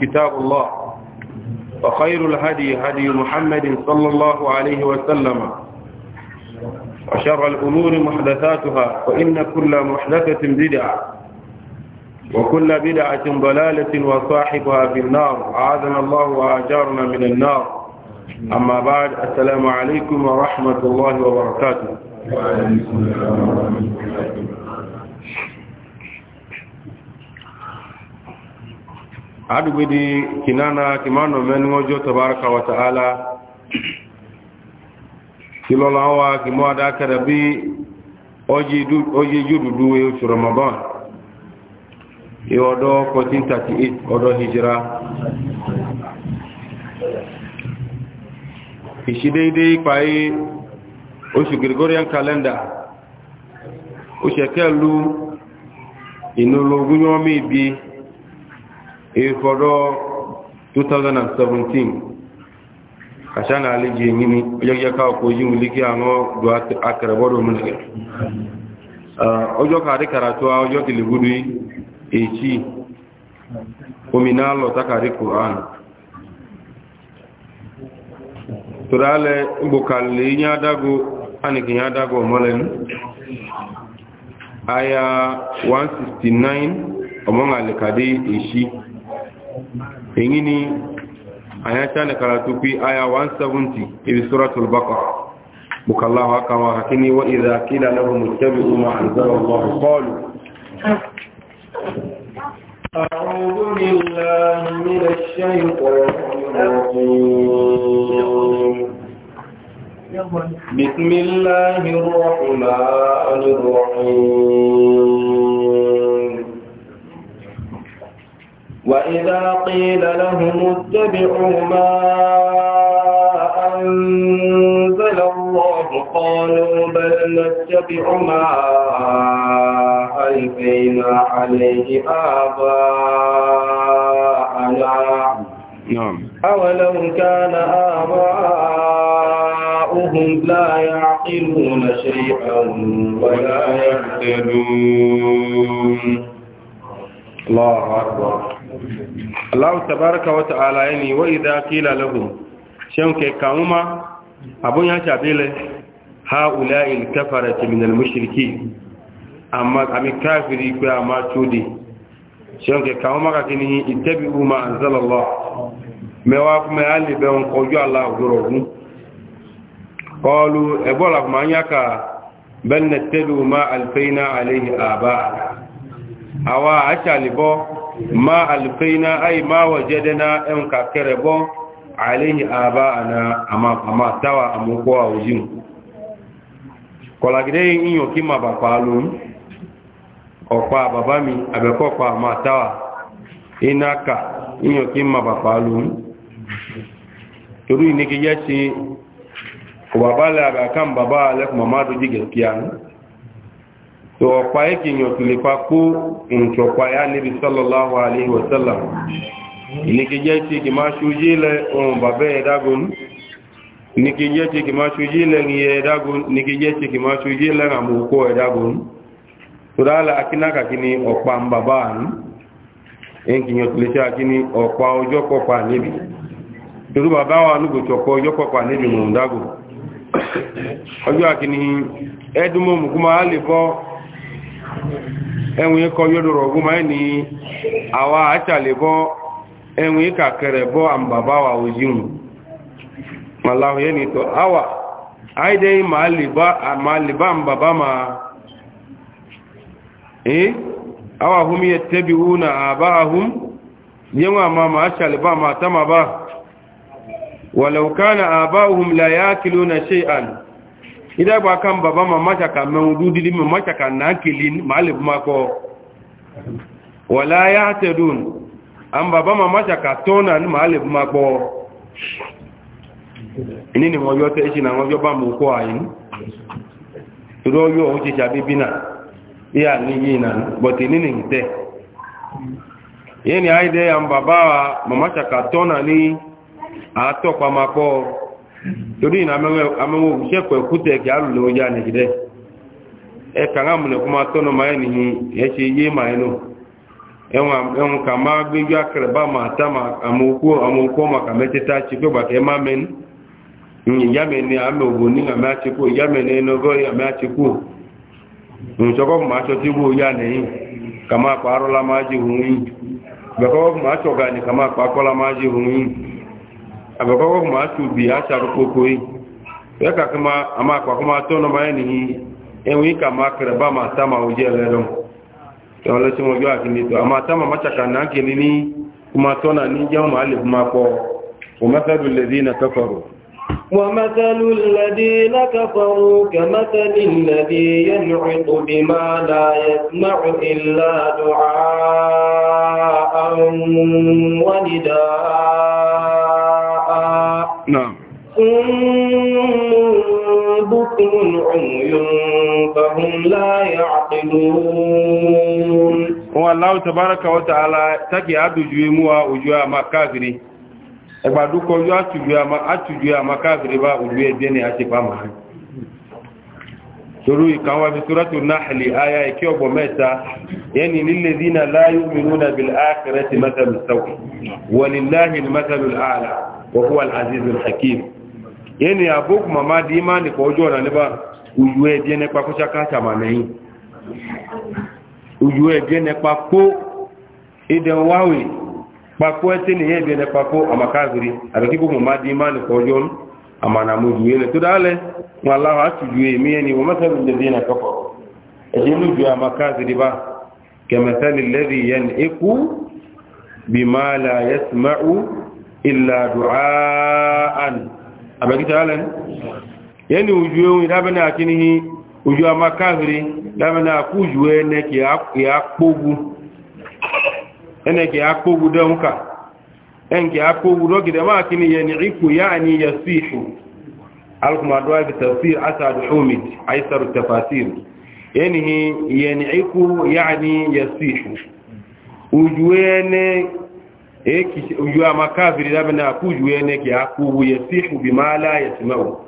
كتاب الله وخير الهدي هدي محمد صلى الله عليه وسلم وشر الأمور محدثاتها فإن كل محدثة بدعة وكل بدعة ضلالة وصاحبها في النار أعاذنا الله وأجارنا من النار أما بعد السلام عليكم ورحمة الله وبركاته وعليكم السلام ورحمة الله وبركاته adubidi kinana kimano menuojo tabaraka wa taala kilolawa kimoada karabi oji du oji jududu e oṣù ramadan e ọdọ 1438 ọdọ hijira ìṣìdéédé parí oṣù gregorian calendar oṣù ẹ̀kẹ́ lu ìnulógún yọ́mí bíi ìfọ̀dọ̀ 2017 kàṣánà àlejì èyí ni ọjọ́ ká yíò lè kí àwọn ọdọ̀ akẹrẹbọ́dọ̀ múlẹ̀ ọjọ́ kàrí kàràtọ́ ọjọ́ kìlìgúdú èyí omina lọ takàrí kòrán aya 169 ọmọ àlẹ̀kàdé èyí èyí ni àyànṣá ní karatu fi aya 170 ibi suratul baqara bukallahu aka wa kakini wa idha kila lahum ittabi'u ma anzala Allah qalu أعوذ بسم الله الرحمن الرحيم وإذا قيل لهم اتبعوا ما أنزل الله قالوا بل نتبع ما ألفينا عليه آباءنا نعم أولو كان آباؤهم لا يعقلون شيئا ولا يهتدون الله أكبر Allah tabaraka wa ta'ala yani wa idha qila lahum shanke kauma abun ya shabile haula'i al-kafarati min al-mushriki amma ami kafiri ko amma tudi shanke kauma ka kini ittabi'u ma anzala Allah mewa kuma ali be on ko yo Allah gorogun qalu ebola kuma yaka bal nattabi'u ma alfayna alayhi aba awa ashalibọ ma alfaina ai ma wajadana ɗan kakere bon alaihi aba ana ama tawa a mukowa wujin kọlagide yin yi oki ma ba kwalon ọkwa baba mi abekọkwa ma tawa ina ka yi ma ba kwalon toru iniki ya ko baba ga kan baba alaikum ma ma duji to ọ̀pá ẹ̀kìyàn tó lè pa kó ìrùntọ̀pá ya níbi sallallahu alaihi wasallam ìníkẹjẹ́ tí kì máa ṣojú ilẹ̀ ohun bàbẹ́ ẹ̀dágun ìníkẹjẹ́ tí kì máa ṣojú ilẹ̀ ìyẹ ẹ̀dágun ìníkẹjẹ́ tí kì ni ọ̀pá ń bàbá àánú ẹ̀kìyàn tó lè ṣe àkíní ọ̀pá ọjọ́ pọ̀pá níbi torí bàbá wa nùgbòtọ̀pọ̀ ọjọ́ pọ̀pá níbi mọ̀ ọjọ́ àkíní ẹdùnmọ̀ mùkúmọ̀ á lè bọ́ enwe kọ yodoro ọgụma ni awa achalibọ enwe ka kere bọ ambaba wa ojinwu ya yẹni to awa aide ma liba ambaba ma eh awa hum yattabi'una aba'ahum yawa ma ma achalibọ ma idagba kan baba mama chaka mawudu dili mama chaka na kilin malib mako wala ya'tadun am baba mama chaka tona ni malib mako nini mo yote ichi na mo ba mu ko ayin turo yo o chi chabi bina ya ni yina but nini nte yeni aide am baba mama chaka tona ni atokwa mako torí ìnà amẹ́wọ̀ òṣèpẹ̀ òkútẹ̀ kí alùlẹ̀ ojá nìgidẹ́ ẹ ka múlẹ̀ mụrụ máa ma máa ẹni ẹ ṣe yé máa ẹnu ẹ̀wọ̀n kà máa gbéjú akẹrẹ̀bá máa tá àmọ́ okú ọmọ kà mẹ́tẹ́ta ṣe pé bàkẹ́ má mẹ́ni ìyámẹ́ni àmẹ́ ògbò ní àmì àṣekú ìyámẹ́ni ẹnọgọ́rí tí yá kà kà abakɔkɔ kuma atu bi atsaro kpokpoe bɛ kake ma ama akpa kɔma tɔnɔ ma yɛni ɛwui kama kɛrɛ ba ma tama o jɛ lɛ lɔ tɔlɔ tí wọn yọ akini tɔ ama tama ma tsaka na kini ni kuma tɔna ni jɛn ma ale kuma kɔ o mɛfɛ bi lɛ bi na tɔkɔrɔ. ومثل الذين كفروا كمثل الذي ينعق بما لا يسمع إلا دعاء ونداء نعم بكم عمي فهم لا يعقلون والله تبارك وتعالى تكي عبد جويموا وجوا ما كافري ẹgbàdúkọ yóò àtùjú àmà káàkiri bá òjú ẹgbẹ́ ni a ti pa máa torí ìkàwọn àbí sóràtò náàlì ayá ìkẹ́ ọgbọ̀ mẹ́ta yẹni lílẹ̀ dínà láyé mìíràn bí ákẹrẹ ti mẹ́tàlù sáwọ̀ wọlìláhìn mẹ́tàlù ààlà وهو العزيز الحكيم يعني أبوك ماما ديما نكوجونا نبا ujue die nepa ko chaka chama nei ujue die nepa ko ide wawe pa ko etini ye die nepa ko amakaziri abikiko mama dima ni ko jon amana mu juye le to dale wallahu atujue mi ni wa masalul ladina kafaru ejinu ju bima la yasma'u illa du'aan abakita alen yani uju ohun idabena akinihi uju ama kafiri dabena akuju ene ki akpogbu ene ki akpogbu donka en ki akpogbu dogide ma akini yani iku yani yasihu alkuma du'a bi tafsir asad humid aisar tafasir yani yani iku yani yasihu uju ene eki ujua makafiri labda akuju yene ki akubu yasihu bimala la yasmau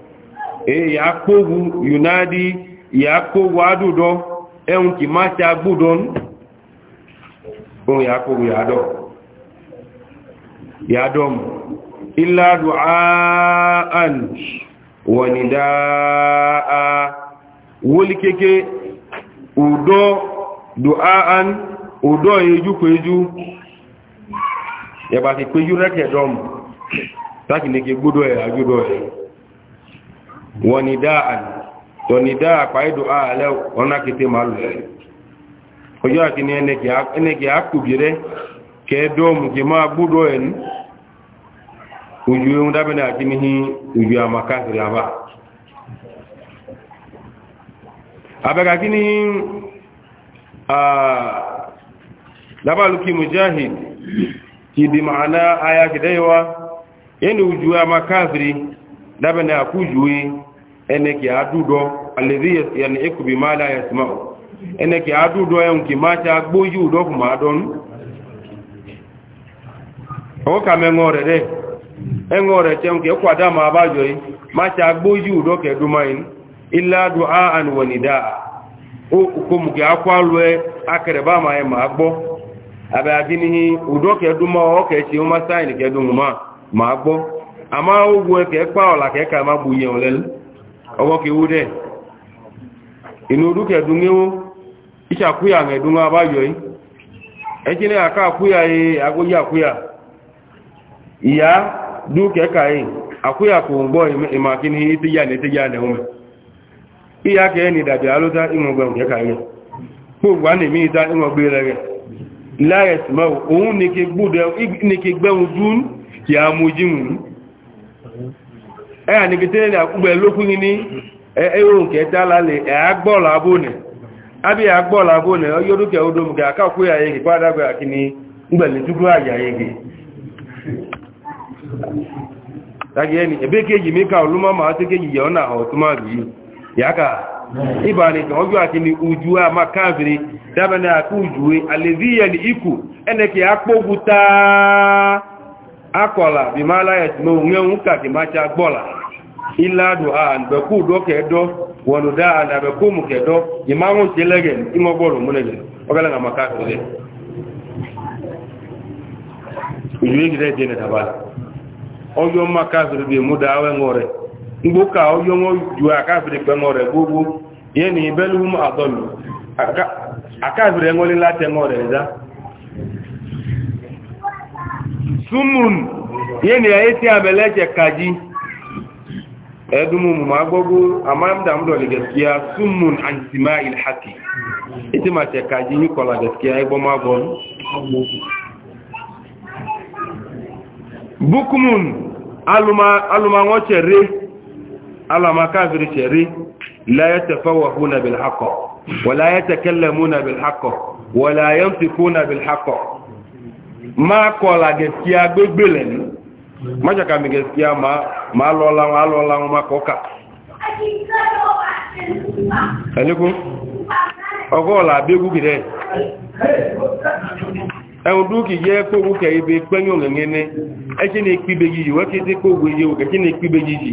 e yakubu yunadi yakubu adudo eun ki macha budon o yakubu yado yadom illa du'aan wa nidaa wulikeke udo du'aan udo yeju kweju yaba ke kpeju rẹkẹ dọm taki ne ke gbudo ẹ ajudo ẹ wọni daa ani wọni daa kpai do aa lẹ ọna kete ma lọ ẹ ọjọ ake ne ẹnẹ ke akubi rẹ kẹ dọm ke ma gbudo ẹ ni ojú ewu dábẹ náà kí ni hi mujahid kidi ma'ana aya kidaiwa yani ujua makafiri dabe na kujuwe ene ki adudo yani yaniku bima la yasma'u ene ki adudo yan ki mata gboju do kuma don o ka me ngore de engore tem ki kwa da ma bajo yi mata ke dumain illa du'aan wa nidaa o ko ki akwa lwe akere ba ma e ma abe aginihi ụdọ kẹdụ oke chi uma sign keduma ma gbo ama ogwo ke pa ola ke ka ma buye olel owo ke ude inu du kedungewo isha kuya ngedunga bayo yi ejine aka kuya yi agoya kuya iya du ke kai akuya ko ngbo imakini tiya ne tiya ne ume iya ke ni dabi aluta imugbe ke kai ko gwa ni mi láyẹ̀s mẹ́wọ̀ òun ní kí gbẹ́hùn dún kí a mú jíhùn ẹ́ àníkí tí ní àkúgbẹ̀ lókùnrin ní ẹ̀ẹ́rùn kẹta lálẹ̀ ẹ̀ẹ́gbọ́ọ̀lá abónẹ̀ àbí àgbọ́ọ̀lá abónẹ̀ ọyọ́dúkẹ̀ odómùkẹ́ àkàkúyà yẹ́gì pàdàgbà ibani kan ojú àti ni ojú a ma káàbìrì dábẹ̀ni àti ojú e alèzíyà ni ikú ẹnẹ kí a kpógun táá akọ̀là bí máa láyẹ̀ tí mo ń ń kàkì máa ṣe agbọ́là ìlàdù àgbẹ̀kú dọ́kẹ̀ẹ́dọ́ wọnùdá àdàbẹ̀kú mùkẹ̀ẹ́dọ́ ìmáhùn tí lẹ́gẹ̀ ìmọ̀gbọ̀rọ̀ múnẹ̀gẹ̀ ọgẹ́lẹ̀ àmà káàkiri ìlú ìgbẹ̀rẹ̀ jẹ́ nẹ̀tàbálà ọjọ́ máa káàkiri bí mú dáwẹ́ ń rẹ̀ mgbo ka onye nwe ju akafiri gbogbo ihe na ibelum adolu akafiri enwelila tenwore za sumun ihe na ya eti abeleche kaji edumumu agbogo amayam da mdoli sumun haki re Allah ma kafiri shari la yatafawahuna bil haqq wa la yatakallamuna bil haqq wa la yantiquna bil haqq ma kola gaskiya gbegbele ni ma jaka mi gaskiya ma ma lola ma lola ma dúkì yẹ́ kókù kẹ̀ ibi pẹ́yìn òǹgẹ̀ngẹ́ ní ẹ́ kí ni píbe yìí wọ́n kí tí kókù yìí wọ́n kí ni píbe yìí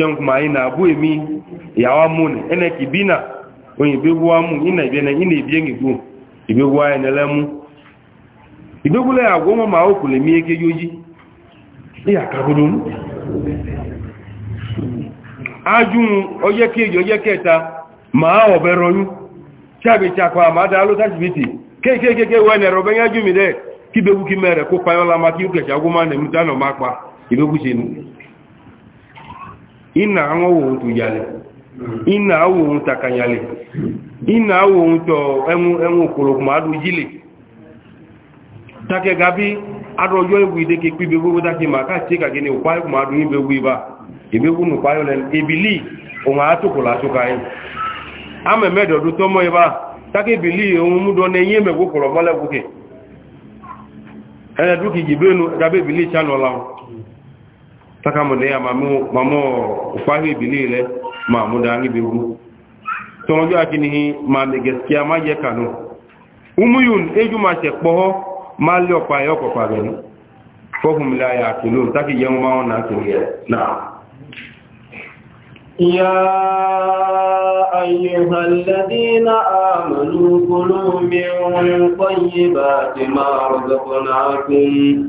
sẹ́wọ̀n kò máa yín náà abú èmi ìyàwó amú ni ẹnẹ kì bí náà oyin ìgbégbó amú iná ìbí ẹnẹ iná ìbí ẹnì gbó ìgbégbó ayé ẹnẹ lẹ́mú ìgbégbó lẹ́yìn àgọ́ ọmọ màá òkú lèmi eke yóò yí ìyá kagodo nù. ajún ọjọ́ kejì ọjọ́ kẹta màá ọ̀bẹ rọyún ṣáàbì ṣàkọ àmàdá alótásibítì kéékèèké wẹ́n ẹ̀rọ bẹ́yìn ajú mi dẹ́ kí bẹ́ẹ̀ kú kí mẹ́rẹ̀ kó payọ́ la máa kí ó kẹ̀ṣà ó máa nẹ̀mú dáná máa pa ìgbégbó ṣe ina àwọn òun tó yàlẹ̀ ina àwọn òun takanyàlẹ̀ ina àwọn òun tọ ẹmú òkòròkùnmọ̀ adó jílẹ̀ takẹga bí adọ́jọ́ ìwò ìdéke pípẹ́ gbogbo dákẹ ma ká tí kàgẹ́ ní òpáyọ̀kùnmọ̀ adó ìbẹ̀ wí bá ìbẹ̀wò nùpáyọ̀ lẹ́nu ebìlì òun àtòkò látòkà yìí ẹ̀ẹ́dùkì jìbẹ́nu channel taka na ya mamo ufahi niile ma mo dangi bibu to mo jwa kini ma me gaskiya ma je kanu umuyun eju ma se ma le opa yo ko pa gani fohum la yaqilun taki je na ona ya na يا أيها الذين آمنوا كلوا من طيبات ما رزقناكم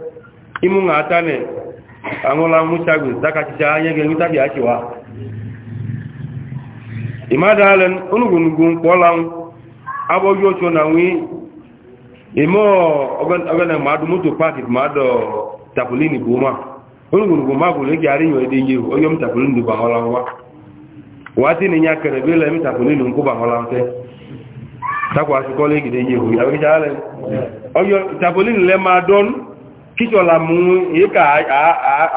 imu nga ata ne angola muchagu zaka chicha yege mitabi achiwa imada halen onugunugu kolan abo yocho na wi imo ogan ogan ma du moto paaki ma do tapulini buma onugunugu ma bu le ari yo de yi o yom ba du bangola wa wati ni nya kere bele mi tapulini nku bangola nte takwa su kolegi de nye hu ya wi jale oyo tapulini le ma don kíchọ̀lá mú èékà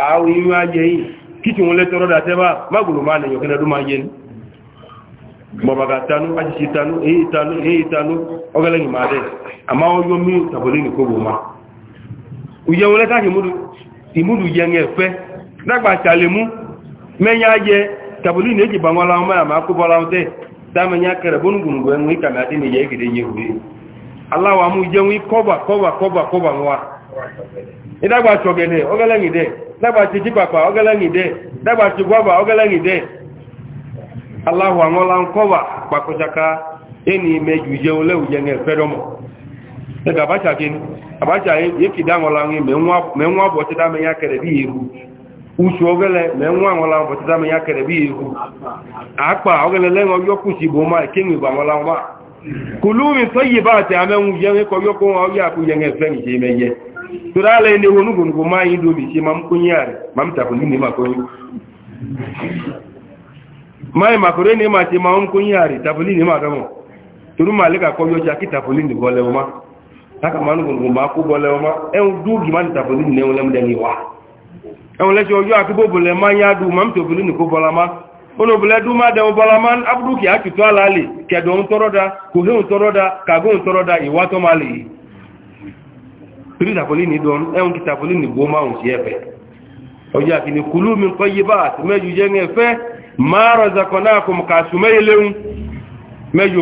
àáwọ̀ inú ajé yìí kíchì wọn lé tọrọ dàtẹ́ bá magùrù máa nìyàn kí nẹ́dún máa yẹ ní bọ̀bàgà tanú aṣíṣe tanú èyí tanú èyí tanú ọgẹ́lẹ́yìn máa dẹ̀ àmá ọyọ́ mí tàbílẹ̀ ní kóbò máa ujẹ́ wọn lẹ́tàkì ìdágbàtí ọ̀gẹ̀dẹ̀ ọgẹ́lẹ́yìndẹ̀ dágbàtí jípàpà ọgẹ́lẹ́yìndẹ̀ dágbàtí gbọ́bà ọgẹ́lẹ́yìndẹ̀ aláhù àwọn ọláńkọ́wà pàkọjaka ẹni mẹ́jù jẹun lẹ́wù jẹ́ ẹ̀fẹ́dọ́mọ̀ àbájá yékìdá àwọn ọláńwé mẹ́wọ́n àbọ̀ tí dámẹ́yà kẹrẹ̀ bí ehu usu ọgẹ́lẹ́ mẹ́wọ́n àwọn ọláńbọ̀ tí dámẹ́yà kẹrẹ̀ bí ehu àápà ọgẹ́lẹ́ lẹ́wọ́n yọkùsì bò máa kéwìn bà wọn láwọn kùlú tụrụ ala ị na ma anyị dị obi ma m kwenye yarị ma m tapụ n'ime maka ma m kwenye yarị tapụlin ma ko tụrụ ma alị ka kọ ya ọcha kị ma nugbu nugbu ma akwụ bụ e ma dị tapụlin na enwele m dị n'iwa enwelechi ọjọọ akụbụ obule ma anya dụ ma m topụlin kụ bọlama dụ ma dịnwụ ka a chụtụ ala pirisa foli ni don ẹun kita foli ni gboma ohun ti ẹfẹ ọjọ́ àkíní kulu mi kọ́ yí bá àti mẹ́jù jẹ́ ń na máa rọ̀zà kan náà kò mọ̀ká mẹ́jù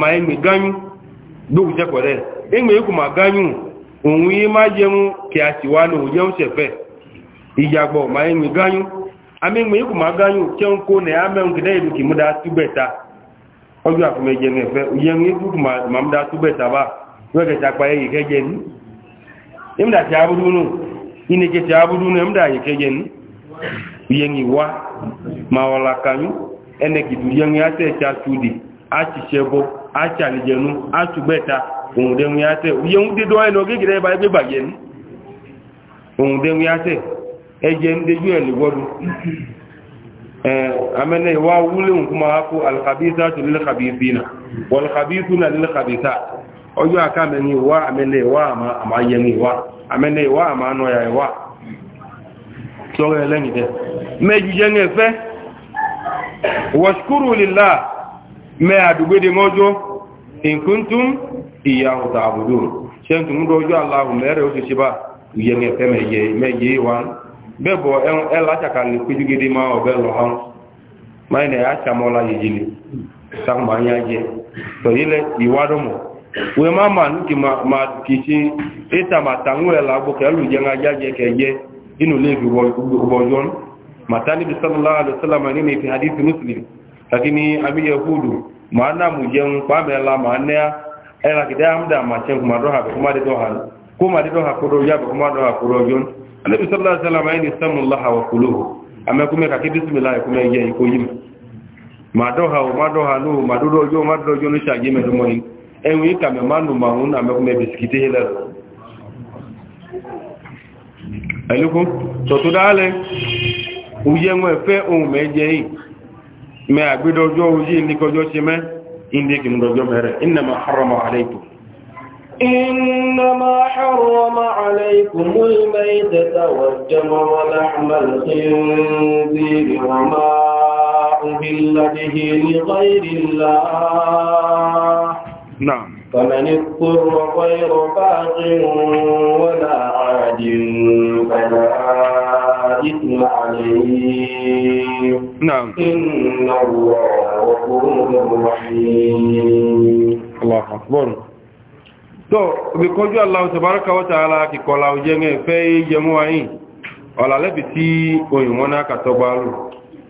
ma ẹgbẹ̀ ganyu gbókù jẹ́ pẹ̀lẹ́ ẹgbẹ̀ ikú ma gányún òun a ní òun ma ẹgbẹ̀ ọjọ́ àfọmẹjẹ ń ẹ̀fẹ́ yẹn ń dúkù màmúdá túbẹ̀ tàbá yóò kẹta pa ẹ̀yìn kẹjẹ ní ẹ̀mdà tí abúdú nù ìní kẹta abúdú nù ẹ̀mdà yẹ kẹjẹ ní yẹn ìwá ma ọ̀la kanú ẹnẹkìdù yẹn yàtẹ̀ ẹ̀kẹ́ àtúndì àtìṣẹ́bọ àtìṣàlìjẹnu àtúbẹ̀ta òun dẹ̀ yàtẹ̀ yẹn dídọ́ ẹ̀ lọ gẹ́gẹ́rẹ́ bá ẹgbẹ́ bàjẹ́ ní òun dẹ̀ yàtẹ̀ ẹ̀jẹ̀ ń dejú ẹ̀ lè Eh, amene wa wule kuma ako alkhabithatu lil khabithina wal khabithuna lil khabithat oyo aka meni wa amene wa ama amayeni wa amene wa ama no ya wa so ele ni de meju jenge fe washkuru lillah me adugede ngojo in kuntum iyahu ta'budun shentu ndo ojo allah mere o ti siba yenge fe me ye me bẹ́ẹ̀bọ̀ ẹlàṣàkà lè péjú gidi máa ọ̀bẹ́ lọ hàn máa ní àṣàmọ́lá yìí sàmà yá jẹ tọ̀yílẹ̀ ìwádọ́mọ̀ wẹ́ máa mà ní kí ma kì í ṣe ìtàmàtàwọ̀ ẹ̀là agbókẹ̀lù a ajájẹ kẹjẹ inú lè fi gbọ́jọ́ matani bi sallallahu ma ma ne era kidam da ma chen kuma do ha kuma de do ha kuma de ha ko do anabi sallallahu alaihi wasallam ayni samullaha wa quluhu amma kuma ka kidi bismillah kuma yayi ko yim ma do ha ma do ha lu ma do do jo ma do jo ni shagi me do moyin en wi ka me manu ma hun amma kuma biskite hela aliko to to dale uye mo fe ohun meje yi me agbedojo oji ni kojo se me inde ki mo dojo mere inna ma harrama alaykum إنما حرم عليكم الميتة والدم ولحم الخنزير وما أهل به لغير الله نعم فمن اضطر غير باغ ولا عاد فلا إثم عليه نعم إن الله غفور رحيم الله أكبر tó omi kọjú aláwọ̀ tàbárakà wọ́ta ala kìkọlá òjẹ́gẹ́ fẹ́ yẹmú wáyìn ọ̀làlẹ́bì tí òyìnwọ́n náà kàtọ́gbà lù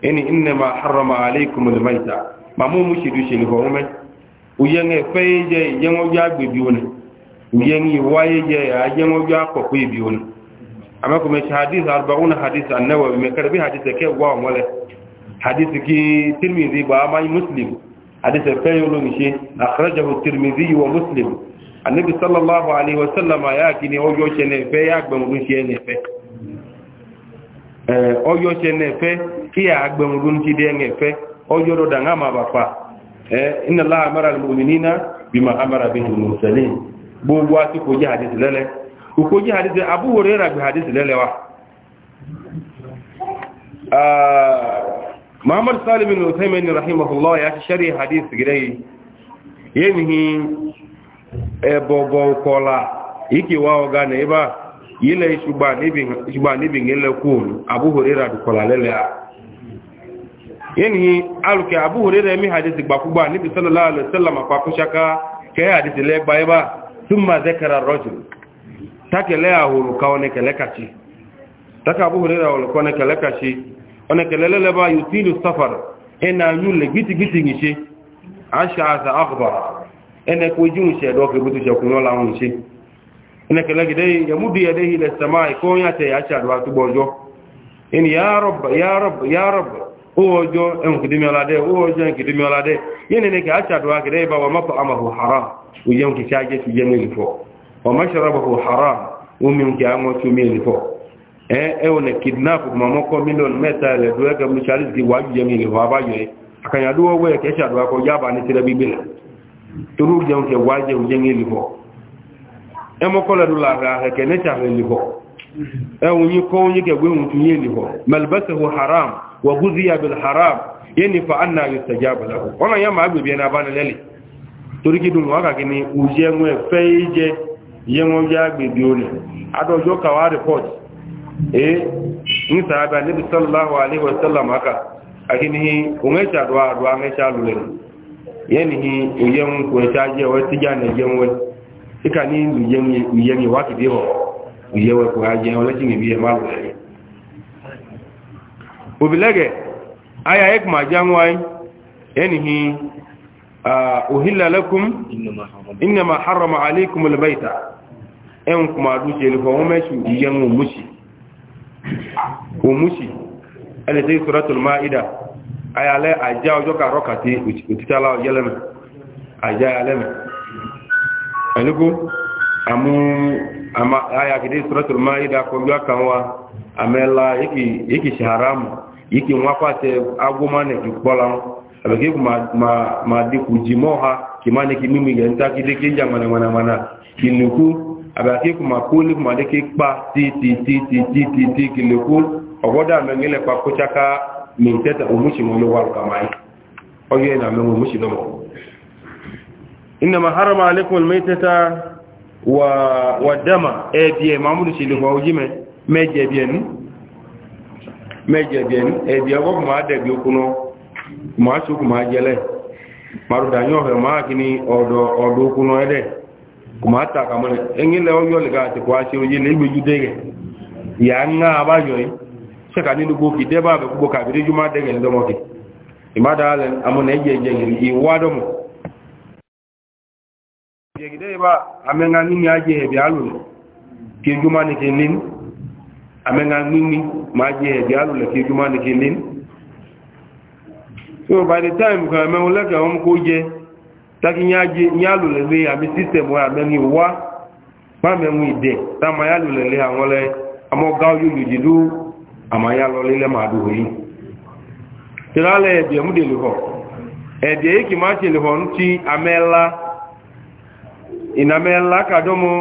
ẹni inna ma harama aleikum limaita mamu mu ṣe dùṣe ní fọ́wọ́n mẹ́ òyẹ́gẹ́ fẹ́ yẹ ìyẹ́wọ́jú agbèbí òní òyẹ́gẹ́ wáyé yẹ àyẹ́wọ́jú akọ̀kọ́ ìbí òní amẹ́kùnmẹ́ ṣe hadith arbaun hadith annawa bi mẹ́kẹ́rẹ́ bí hadith ẹ̀kẹ́ wà ọmọlẹ̀ hadith kí tirmidhi anabi sallallahu alaihi wasallama ya kini ojo se nefe ya agbemudun se nefe eh ojo se nefe ki ya agbemudun ti de nefe ojo do danga ma bapa eh inna allaha amara almu'minina bima amara bihi almursalin bo wa ti ko ji hadith lele ko ji hadith abu hurairah bi hadith lele wa ah muhammad salim bin uthaymin rahimahullah ya sharhi hadith gidai yenihi ẹbọgọkọla ikewa ọga na ebe a ile isugba nibi ngelekwu abụhorera dukọla lele a yanihi aluke abụhorera emi hadisi gbakwugba nibi sallallahu alaihi wasallam akwakushaka ke hadisi legba ebe a thumma zakara rajul takele ahuru ka one kelekachi taka abụhorera ahuru ka one kelekachi one keleleleba yutilu safar ina anyule gitigiti ngishi asha aza akhbara ene ko jun se do ke butu se kuno la un se ene ke lagi dai ya mudi ya dai samai ko ya te ya cha do atu bojo en ya rob ya rob e e ya rob o ojo en kidimi ola de o ojo en kidimi ola de yene ne ke acha do ake dai baba mafa amahu haram u yem ki chaje ti yem ni fo wa mashrabahu haram u min ki amo mi ni fo e e one kidnap mama ko million meta le do ke mu charis ki wa ni yo akanya do we ke cha do ko ya ni tire bibile toru jẹun kẹ wá jẹun jẹun elibọ ẹmọkọlẹ dùn làrá kẹkẹ nẹtsà elibọ ẹwọn yìí kọ́ yìí kẹ wéhùn tún yìí elibọ mẹlibẹsẹhu haram wa gúzíyà bil haram yẹn fa anna yóò sẹjá abẹlẹ kọ ọ̀nà yẹn máa na ẹni abánilẹ́lẹ̀ torí kí dùn wọn kàkí ni ùjẹ ń wẹ fẹ́ ee yẹni hi òyẹ̀mú kò ẹ̀ ṣáá jẹ́ wẹ́ tíjà ní ẹ̀jẹ̀ wẹ́ síkà ní ìyẹ̀mí wá kìdí hàn ìyẹ̀wẹ̀ kò á jẹ́ ọlẹ́sìn ìbí ẹ̀ má lọ rẹ̀. òbílẹ́gẹ̀ aya ẹ̀kọ́ máa já wọn ayé yẹni hi òhìlẹ́lẹ́kùn ìnàmà harama aleikum lẹ́bẹ̀ẹ́ta ẹ̀hún kò máa dùn ṣẹlẹ̀ fún ọmọṣù ìyẹ̀mú òmùsì òmùsì ẹ̀ ayalẹ́ àjá ọjọ́ kàrọ́ kàtí òtítàlá ọjẹ́lẹ́mẹ̀ àjá ayalẹ́mẹ̀ ẹ̀lúkú àmú ayagide sọ́rọ̀tọ̀ máa yídá kọjú àkàn wa àmẹ́lá yíkì ṣàrámù yíkì wọ́n pàtẹ agbómánẹ̀ ìpọ́lá ma dínkù jì ha kì máa ní kí mímú yẹ ń tákídé kí jà mọ̀nàmọ̀nà kì nìkú àbẹ̀kí ma kó lè kùmà dé kí pa títítítítítí kì nìkú ọ̀gọ́dà mẹ́rin lẹ́pa kó min teta umushi mo lowal kamai oye na mo umushi no mo inma harama alaikum almaytata wa wa dama e biye mamudu shi lufo ojime meje biye ni meje biye ni e biye ko ma de bi okuno ma su ko ma jele maru da nyo he ma kini odo odo okuno ede kuma ta kamole engile o yo le ga ti kwa shi oje le gbeju dege ya nga abayo yi seka nínú gbókì dẹ́bà bẹ̀ gbogbo kàbí ríjú máa dẹ́gẹ̀ lọ́mọ́kì ìmádà alẹ́ amúnà ẹ̀yẹ ẹ̀yẹ ìwádọ́mù ìyẹ̀gìdẹ́ ìbá amẹ́ngá níní ajé ẹ̀bẹ̀ alùlẹ̀ kí ojú máa ní kí ní amẹ́ngá níní máa jẹ ẹ̀bẹ̀ alùlẹ̀ kí ojú máa ní kí ní so by the time kan mẹ́wọ́n lẹ́kẹ̀ ọmọ kó jẹ tákì ní alùlẹ̀ lé àmì system wọn àmẹ́ni wá má mẹ́wọ́n ìdẹ̀ táwọn alùlẹ̀ lé àwọn ọlẹ́ amọ́gá ojú lùdìdú àmà ya lọ lílẹ̀ máa dùn yìí tìrálẹ̀ ẹ̀dì ẹ̀múdè lè họ ẹ̀dì èyí kì máa ṣe họ ń amẹ́lá ìnàmẹ́lá kàdọ́mọ́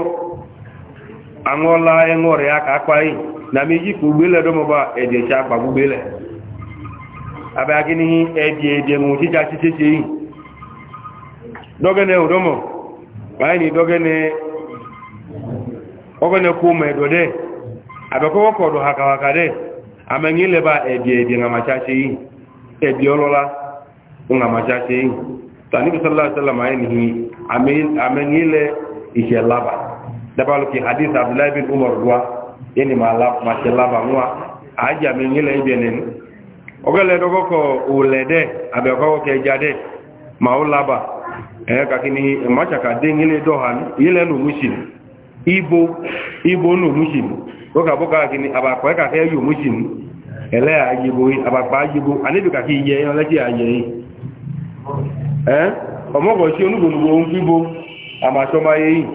àwọn ọlá ẹ̀ngọ́ rẹ̀ akápa yìí nàmì yìí kò gbélẹ̀ dọ́mọ́ bá ẹ̀dì ẹ̀ṣẹ́ àpà gbélẹ̀ abẹ́ akíní ẹ̀dì ẹ̀dì ẹ̀mú títà yìí báyìí kó dẹ́ ọ̀dọ̀ dẹ́ amenyi leba ebi ebi nga machashe yi ebi olola nga machashe yi tani bi sallallahu alaihi wasallam ayi ni amenyi le ise laba dabalu ki hadith abdullah bin umar wa yani ma la ma se laba nwa aji amenyi le ebi enen ogele dogo ko ulede abe ko ke jade ma ulaba e eh, ka kini machaka de ngile dohan ile nu mushin ibo ibo nu mushin oka bo ka kini aba ko ka ke yu mushin ele ayibo aba pa ayibo ani bi ka ki ye ole ti aye eh omo go si onugo nugo un kibo ama so ma ye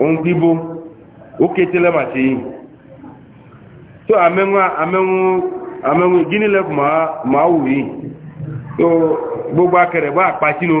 un kibo o ketele ma ti so amenwa amenwu amenwu gini le ma ma wi so gbogbo akere ba pa ti no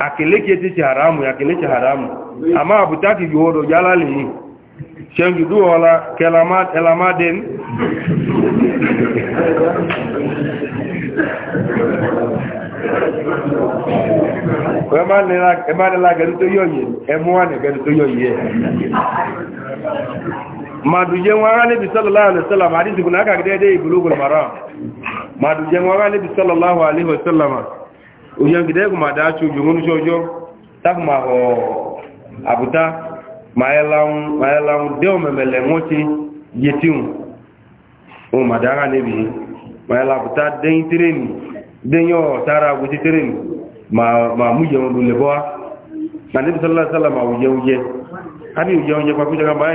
akeleke ti haramu akeleche haramu ama abutaki giwodo jalali shengi duola kelama elamaden lè yìí ẹmúwà ní tó yọ yìí màdùjẹ́ wọn rán níbi sọ́lọ̀láwà alẹ́sọ́lọ̀mà àdíjìkù náà kàgẹ́dẹ́ ìbúlógún mara màdùjẹ́ wọn rán níbi alẹ́sọ́lọ̀mà òyìnbìdẹ́ kò máa dáa tí ojú òun ṣọ́jọ́ tákù máa ọ̀ àbúta máa ẹláhun dẹ́ọ̀ mẹ̀mẹ̀lẹ̀ wọ́n ti yé tí hùn ohun máa dára níbi máa ẹláhùta dẹ́yìn tírẹ́nì dẹ́yìn ọ̀tára agùtí tírẹ́nì máa mú yẹun lulẹ̀ bọ́ máa níbi sọ́lá sálà máa òjẹ́ oúnjẹ ábí òjẹ́ oúnjẹ pàkújọba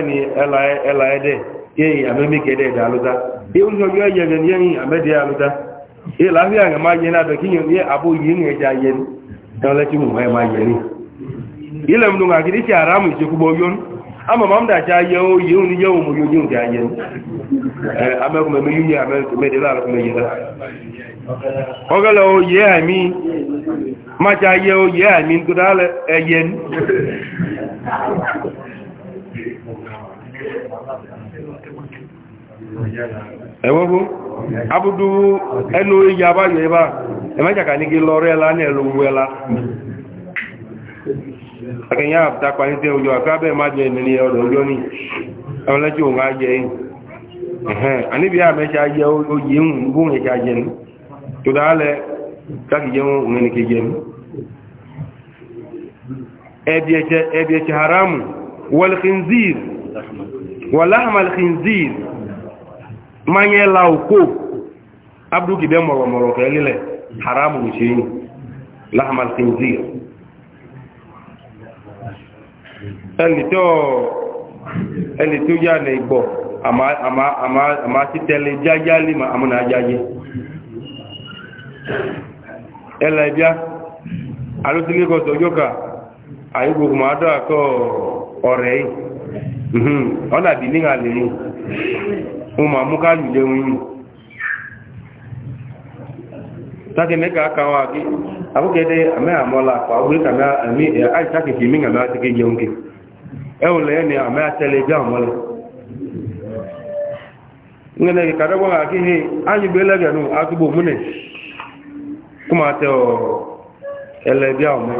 e láti àgbà máa yẹ náà kí yẹn ní àbó yìí ní ẹja yẹ ní ẹwọlẹ́ tí wọ́n máa yẹ ní ilẹ̀ mdùn àkìdí tí àrámù ìṣekúbọ yón àmà máa yeah. ẹwọ́gbó abúdú ẹnu ìyà abáyọ̀ ibá ẹmẹ́jàkà ní kí lọ́rọ̀ ẹlá ní ẹlò owó ẹlá akẹyà àtàkpà ní tẹ ojú àfẹ́bẹ́ má jẹ ìmìnì ọ̀dọ̀ ojú ní ọlẹ́jì òun jẹ ẹ̀hẹ́n àníbi àmẹ́ṣẹ́ ayẹ oyè ń gún ní tó dáálẹ̀ òun ẹni manye la uko abdu kibe moro moro kelile haram ni chini lahma al-khinzir ẹni tó ẹni ama ama ama ìgbọ́ àmá títẹ̀lẹ̀ jájálì ma àmúnà ajáyé ẹlẹ́ ìbíá alótílẹ́gọ́ tọ́jọ́ka àyíkòkò máa dọ́ àkọ́ ọ̀rẹ́ yìí ọ̀nà bí ní àlè yìí mo máa mú káàdì lé mẹ́ka kan kí akókèdè àmẹ́ àmọ́lá pa ogbé kàmẹ́ àmì àìsá kìkì àmẹ́ àti kéje oúnjẹ ẹ̀hùn lẹ́yìn àmẹ́ àtẹ́lẹ̀ jẹ́ àmọ́lẹ̀ ngẹ́nẹ́ ìkàdọ́gbọ́n àkí hì áyùgbé àtúgbò múnẹ̀ kó máa tẹ ẹlẹ́bí àmọ́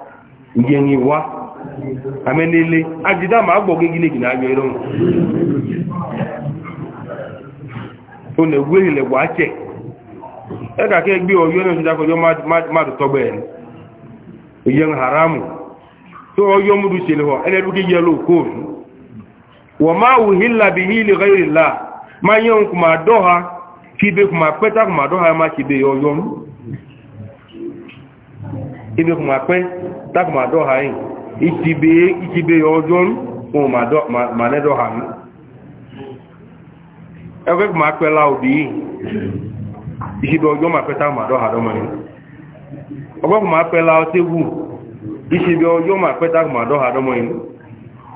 ìyẹni wá a ajídá ma gbọ́ gígí lè gìnà ayọ̀ o lè wé ilẹ̀ wà jẹ́ ẹkàkẹ́ gbé ọyọ́ náà ṣídákọjọ́ máàdù tọ́gbẹ̀ ẹni ìyẹn haramu tó ọyọ́ múdú ṣẹlẹ̀ họ ẹlẹ́dúkí yẹ ló kó rí wọ́n máa wù hílà bí hílì rẹ̀rìlá máa yẹ ohun kùmà dọ́ha kíbe tak ma dɔ ha yi iti be iti be yɔ jɔn o ma dɔ ma ma ne dɔ ha mi ɛfɛ e kuma kpɛ la o bi iti be ɔjɔ ma kpɛ tak ma dɔ ha dɔ ma yi ɔfɛ e kuma kpɛ la o tebu iti be ɔjɔ ma kpɛ tak ma dɔ ha yi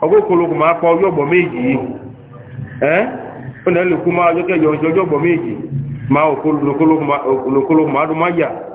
ɔfɛ kolo kuma kpɔ ɔjɔ bɔ meji yi ɛ ɔna lɛ kuma ɔjɔ kɛ yɔ ɔjɔ bɔ meji ma okolo e kuma do ma ya.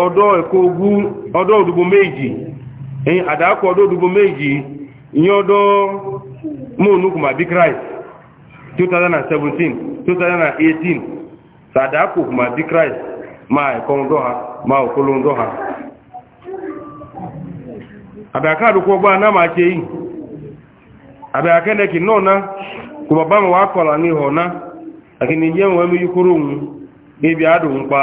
ọdọ́ ẹ̀kọ́ ogún ọdọ́ òdúgbò méjì ẹ̀yìn àdákọ̀ ọdọ́ òdúgbò méjì ìyẹn ọdọ́ mọ́ọ̀nùkùnmà bí christ 2017 2018 sàdákùnmà bí christ máa ẹ̀kọ́ ọdọ́ ha máa òkúlù ọdọ́ ha àbẹ̀ká àdúkọ́ ọgbà náà máa ṣe yìí àbẹ̀akẹ́nẹ̀kì náà ná kò bàbá pa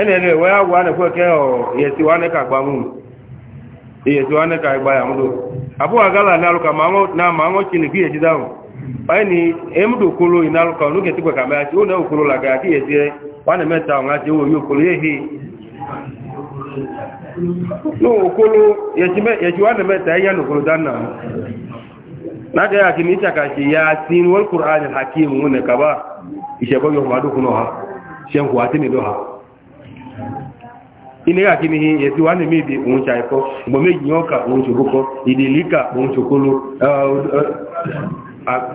ẹnìyẹn ìwẹ́ àwọ̀ anẹ́kọ̀ọ́kẹ́ ọ̀ ìyẹ̀sí wa nẹ́ka gba mú ìyẹ̀sí wa nẹ́ka gba yà múdò àbúwà gálà ní alùkà náà máa wọ́n kìlì kí ìyẹ̀sí dáhùn báyìí ni èmùdò kolo ìná alùkà onúkẹ́ tí pẹ̀kà mẹ́ta ó náà kolo làgà kí ìyẹ̀sí ẹ wà ní mẹ́ta àwọn àti owó yóò kolo yéhe ní òkolo ìyẹ̀sí wa ní mẹ́ta ẹ̀yà ya ti ṣẹ́nkù àti nílò ha inéra kí ni ẹ̀sí wà ní méjì òun ṣàìkọ́ ìgbọ̀n méjì yàn ká òun ṣòkókọ́ ìdìlíkà òun ṣòkóló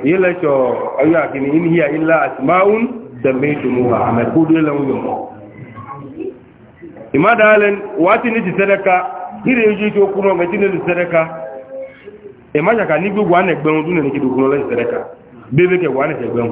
yẹ́lẹ́ṣọ́ ọyọ́ àkíní iníhíà ilá àti máún tẹ̀mẹ́ ìṣòmò àmẹ́kúdó lẹ́wọ̀n yọ̀mọ́ ìmádàálẹ́n wà tí ní ti sẹ́dẹ́ka nílé ojú tí ó kúrò ọmọ tí ní ti sẹ́dẹ́ka ìmáṣàkà ní gbogbo ànẹ̀gbẹ̀rún tún nìkìdòkúrò lẹ́sẹ̀dẹ́ka bébẹ́kẹ̀ wà nẹ̀sẹ̀gbẹ̀rún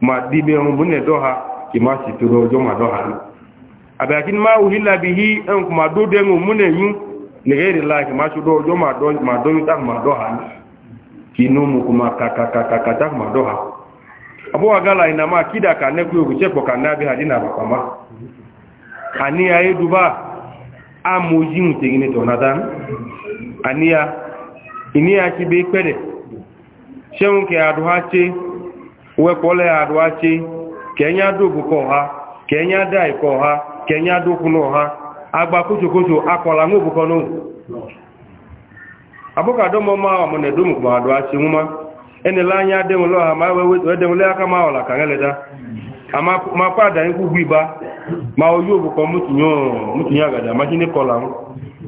ma dibe on bunne doha ki ma si turo jo ma doha ni abakin ma uhilla bihi an kuma do de mu mune yu ni gairi la ki ma su do jo ma do ma do ta ma doha ni ki no mu kuma ka ka ka ka ka ta ma doha abu agala ina ma kida ka ne ku ku che ko kan nabi hadina ba kama ani ayi duba amuji mu tegine to nadan aniya ya ki be pede seun ke aduha che wekpọla ya adụachi ka enye adụbụka ọha ka enye adịka ọha ka enye adụkwụ na ọha agba kochokocho akọla nwa obụkọ n'ogu abụka domma ahụ mụna edomụkpa adụachi nwụma enele anya adịnwele ọha ma edewele aka ma ọla ka ngeleda ma kwa adanyekwu ugwu igba ma oyi obụkọ mụtunye agada ma chineke ọla nwụ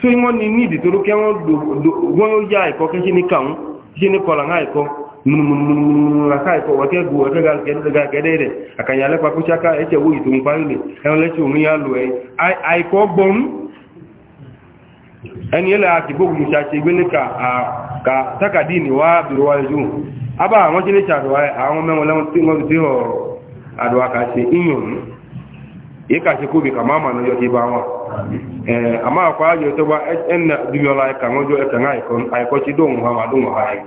so ŋo ni ni didoro kɛ ŋo do ŋo ya ikɔ kɛ sini kan sini kɔla ŋa ikɔ munumunu la ka ikɔ wɔkɛ ga kɛ ga kɛ de dɛ a ka yalɛ kpa kusa ka ɛtsɛ wo lɛ tsi o ŋu ya lɔ yɛ a ikɔ bɔn ɛni a ti wuli sa ka a ka takadi ni wa biro wa zu aba àwọn tí lè mɛ lɛ ye ka se ko bi kama ma no yo ti ba wa eh ama ko ajo to ba eh, en na du yo lai kan ojo e eh, kan ai kon ai ko ti dong ha ma dong ha ai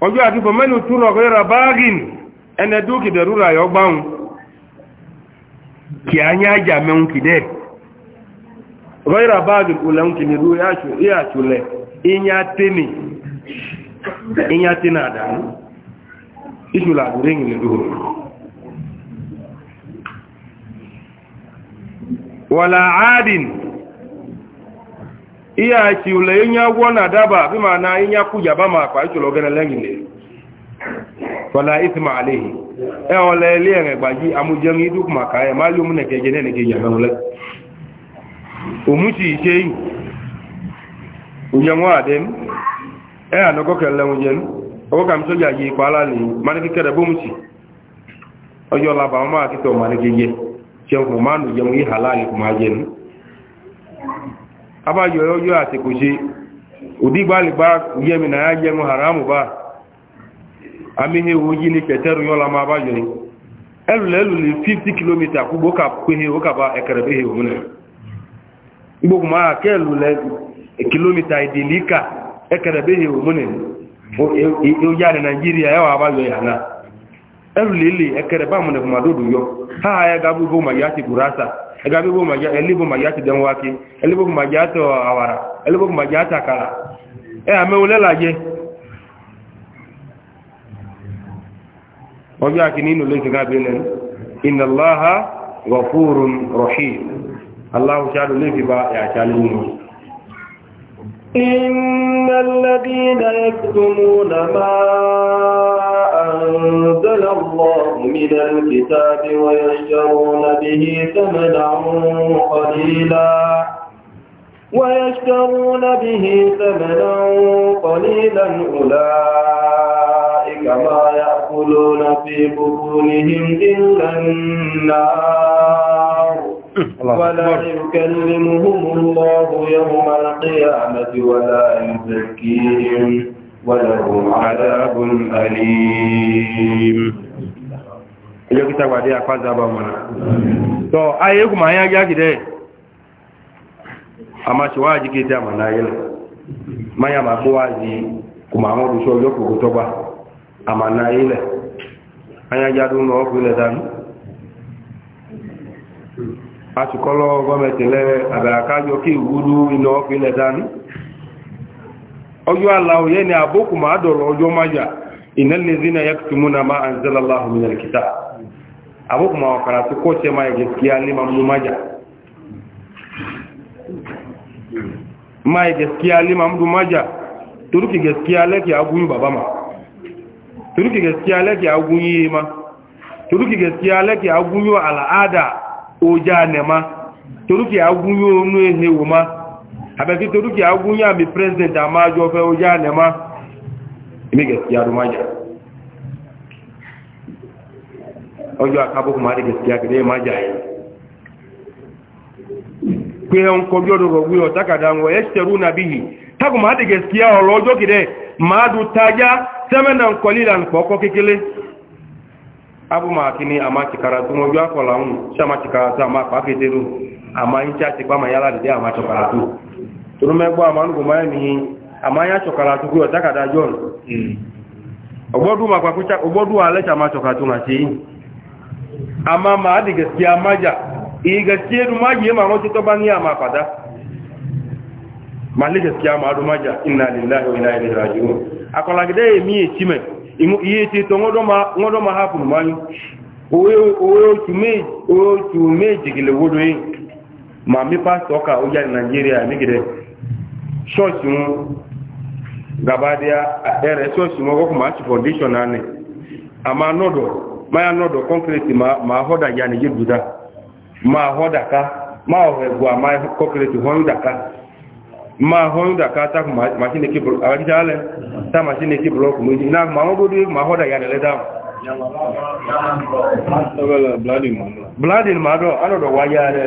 ojo ati bo menu turo ko ra bagin en du ki darura yo gbaun ki anya ja men ki de ni ru ya chu ni du wala adin iya ci ule inya na daba bi ma na inya ma pa ichulo gene lengin wala ithma alayhi e ole ile en gbaji maka e ma lu mune keje ne ke jaba ole omuti ise yi unyanwa adem e anogo kele unyen ogo kam jẹun máa nù jẹun yí halali kò máa jẹun abájọ ọjọ́ àti kò ṣe òdígbàlìgbà yẹmi náà jẹun haramu bá amíhe ojí ní kẹtẹrù yọ́la máa bájọ yìí ẹlùlẹ́lùlì 50 km kúgbó ká péhe ó kàbá ẹkẹrẹbéhe òmìnà gbogbo máa ẹkẹrẹbéhe òmìnà ó yá ní nàìjíríà ẹwà ẹkẹrẹbá ha ya gabu bo magyati gurasa ya gabu bo magyati elibo magyati danwaki elibo magyati awara elibo magyati akala e eh, ame ulela je ojo akini no le gabe len inna allaha ghafurun rahim allah shadu le ba ya chalinu إن الذين يكتمون ما أنزل الله من الكتاب ويشترون به ثمنا قليلا ويشترون به ثمنا قليلا أولئك ما يأكلون في بطونهم إلا النار ولا يكلمهم الله يوم القيامة ولا يزكيهم ولهم عذاب أليم ilé kíta wà dé bá mọ̀nà tọ́ ayé kùmà ayé ajá kìdẹ́ a máa ṣèwá àjí kéta àmà náà yẹlẹ̀ máyà máa kó wá sí kùmà tọ́gbà náà tó ń lọ ọkùnrin lẹ́ta atukɔlɔ gɔmɛti lɛ abɛakadzɔ ke wudu iná ɔfi lɛ dani ɔyɔ alawo yɛ ni aboku ma adɔlɔ ɔyɔ ma dza iná na yɛ tumu na ma anzala alahu minɛ kita aboku ma ɔkara ti kɔtsɛ ma yɛ gɛsikia ni ma mu ma dza ma yɛ gɛsikia ni ma mu ma dza toruki gɛsikia lɛ ki agunyi baba ada oja nema toruki agunyo onu ehe wo ma abeki toruki agunyo ami president ama ajo fe oja nema emi gaskiya rumaja ojo akabo kuma ri gaskiya gede maja yi pe on ko biodo ro wi otakada ngo esteru nabihi tagu ma de gaskiya oro ojo gede ma du taja semenan kolilan poko kekele abu ma kini ama chikara tu mo jwa kola un chama chikara tu ama pa ke deru ama incha ti pa mayala de ama chokara tu turu me gbo ama ngo maye mi ama ya chokara tu ko taka da jon mm ogbodu ma pa ku cha ogbodu ale chama chokara tu ngati ama ma di gaskiya maja i gaskiya du maji ma ngo e to bani ama pada mali gaskiya ma du maja inna lillahi wa inna ilaihi raji'un akola gide e mi e chime iyeti to ngodoma ngodoma hapu mani o o o tume o tume jigile wodo yi ma mi pastor ka o ya nigeria mi gide church mu gabadia ere church mu go kuma church foundation ani ama nodo ma ya nodo concrete ma ma hoda ya ni yibuda ma hoda ka ma o gwa ma concrete hoda ka ma hon da ka ta ma shi ne ki bulu a gida ale ta ma shi ne ki bulu kuma ji na ma ma gudu ma hoda ya ne le da bladin ma do ano do wa ya ne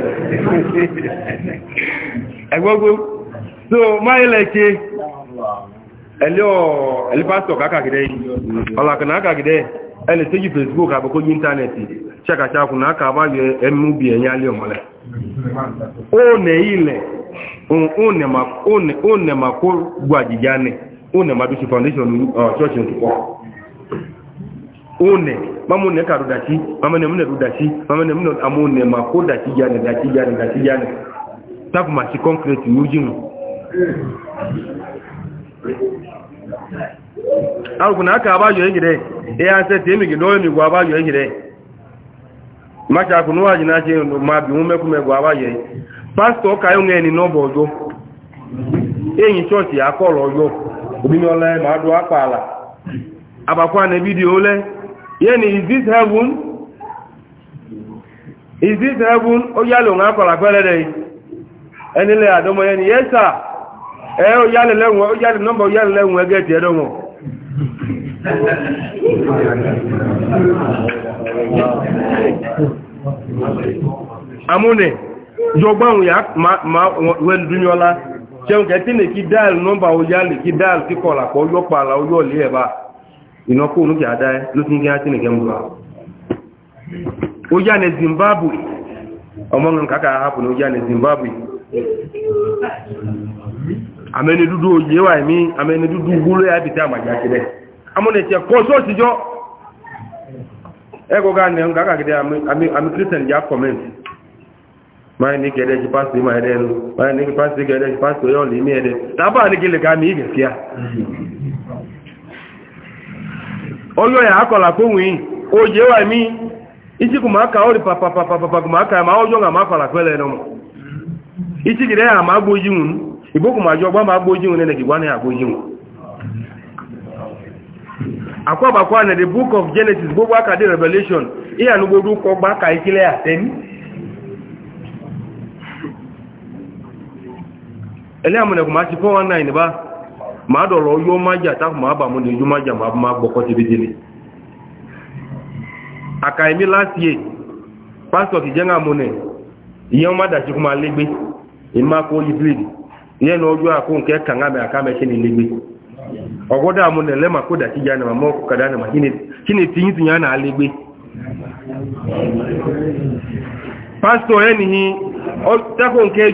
egbogo so ma ile ki elio el pastor kaka gide ola kana kaka gide ele teji facebook aboko internet cheka chaku na aka ba ye emu bi enya le omole o ne ile one ma kó gbàjìjá foundation uh, church ne karu daci ne mune ne mune ma ko daci ja ne daci ja ne ne concrete yuji mu alu kuna aka abajo yake de e an se temi gi doyo mi gwa abajo yake de ma cha kunuwa jina ce ma bi abajo pastọ ụka ya onwe ni n'ọbọ ọjọ enyi chọọchị ya akọrọ ọjọ obinye ọla ya ma adụ akpa ala abakwa na ebidio ole yeni is this heaven is this heaven oyalo nga akwara kwelere enile adomo yeni yes sir eh oyalele nwe oyale nọmba oyalele nwe geti edomo amune jọgbọ́n ya ma dúnyọ́lá ṣeun kẹ́ tí lè kí dáàlì nọ́mbà oyá lè kí dáàlì tí kọ̀ làpọ̀ yọ́ pààlà oyọ́ lè ẹ̀bá ìnákó ònú kì àdáyé kí á tí ní zimbabwe ọmọ nǹkan kàkà hapù zimbabwe amẹni dúdú oyé wà mí amẹni dúdú wúlò yà bìtẹ́ àmàjá kìdẹ́ amúnẹ̀tì ẹ̀kọ́ sọ́ọ̀sì jọ ẹgbọ́gá ní ọ̀nkàkà kìdẹ́ àmì kírísẹ̀n ma ni kede ki pasti ma ede lu ma ni ki pasti kede ki pasti yo li mi ede ta ba ni kile ka mi gaskiya oyo ya akola ko wi oje wa mi isi kuma ka ori papa papa papa kuma ka ma ojo nga ma fala pele no mo isi gire ya ma gboji un ibo kuma jo gba ma gboji un ne ki gwa ne agboji un akwa bakwa na the ele amune kuma ti 419 ba ma doro yo maja ta kuma ba mu ne yo maja ma ma gboko ti bidini last year pastor ki jenga mune da ti kuma legbe ima ko yi bleed iye no me se ni legbe ogoda amune le ma ko da ti jana kini kini tin tin yana legbe pastor enihi o ta ko nke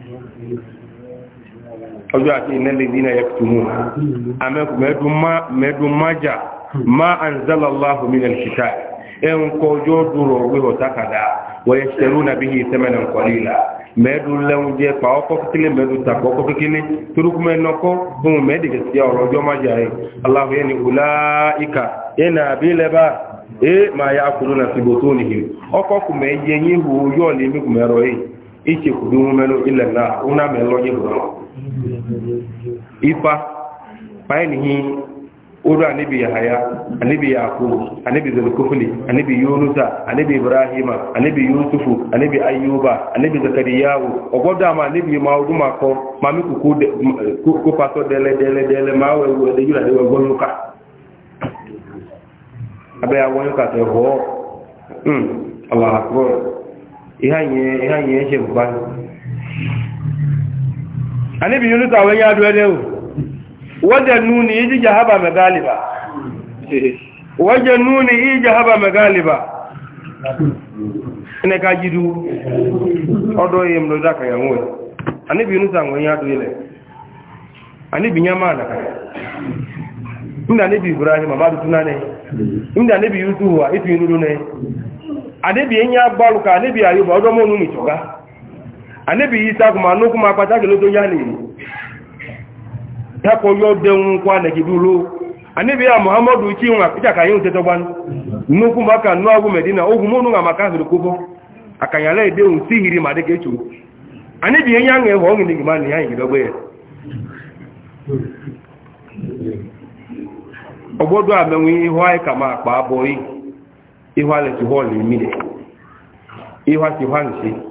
ọjọ́ àti ìnẹ́lẹ̀ ìdínà yẹ́kùtùmù amẹ́kù mẹ́dùnmájà e ma an zalaláhù mí nàìjíríà ẹn kọjọ́ dúró wíwọ̀ takàdá wọ́yẹ̀ ṣẹlú nàbí yìí tẹ́mẹ̀nà kọlílà mẹ́dùn lẹ́hùn jẹ́ pàọ́kọ́ kékeré mẹ́dùn tàkọ́kọ́ kékeré turukuma ẹnọkọ́ fún mẹ́dìgẹ̀ sí ọ̀rọ̀ ọjọ́ májà rẹ̀ aláhù yẹn ilẹ̀ ifa fayin hi odo anibi yahaya anibi yakubu anibi zulkufli anibi yunusa anibi ibrahima anibi yusufu anibi ayuba anibi zakariyawu ogoda ma anibi maudu mako mami kuku de ku pato dele dele dele ma we we de yura de we gonuka abe ya gonuka te ho mm allah akbar ihanye ihanye je ban anibi yunus awon ya do ele o wajen nuni iji jahaba magaliba wajen nuni iji jahaba magaliba ina ka jidu odo yim lo zaka ya ngwe anibi yunus awon ya do ele anibi nyama na ka inda anibi ibrahim amadu tunane inda anibi yusuf wa ifi nuru ne anibi enya gbaluka anibi ayuba odo mo nuni choga anabi isa kuma anukwu ma akpata gelodo ya niri tako yo denwu kwa na gidulu anabi ya muhammadu chi nwa kicha ka yin teto gban nnukwu maka nnu agwu medina ogwu munu nga maka hiri kubo akanyala ede un sihiri ma de kechu anabi enya nga ewo ngi ma mani ya ngi dogbe ogbodo amenwi ihu ai kama akpa aboyi ihu ale ti hol imide ihu ati nsi.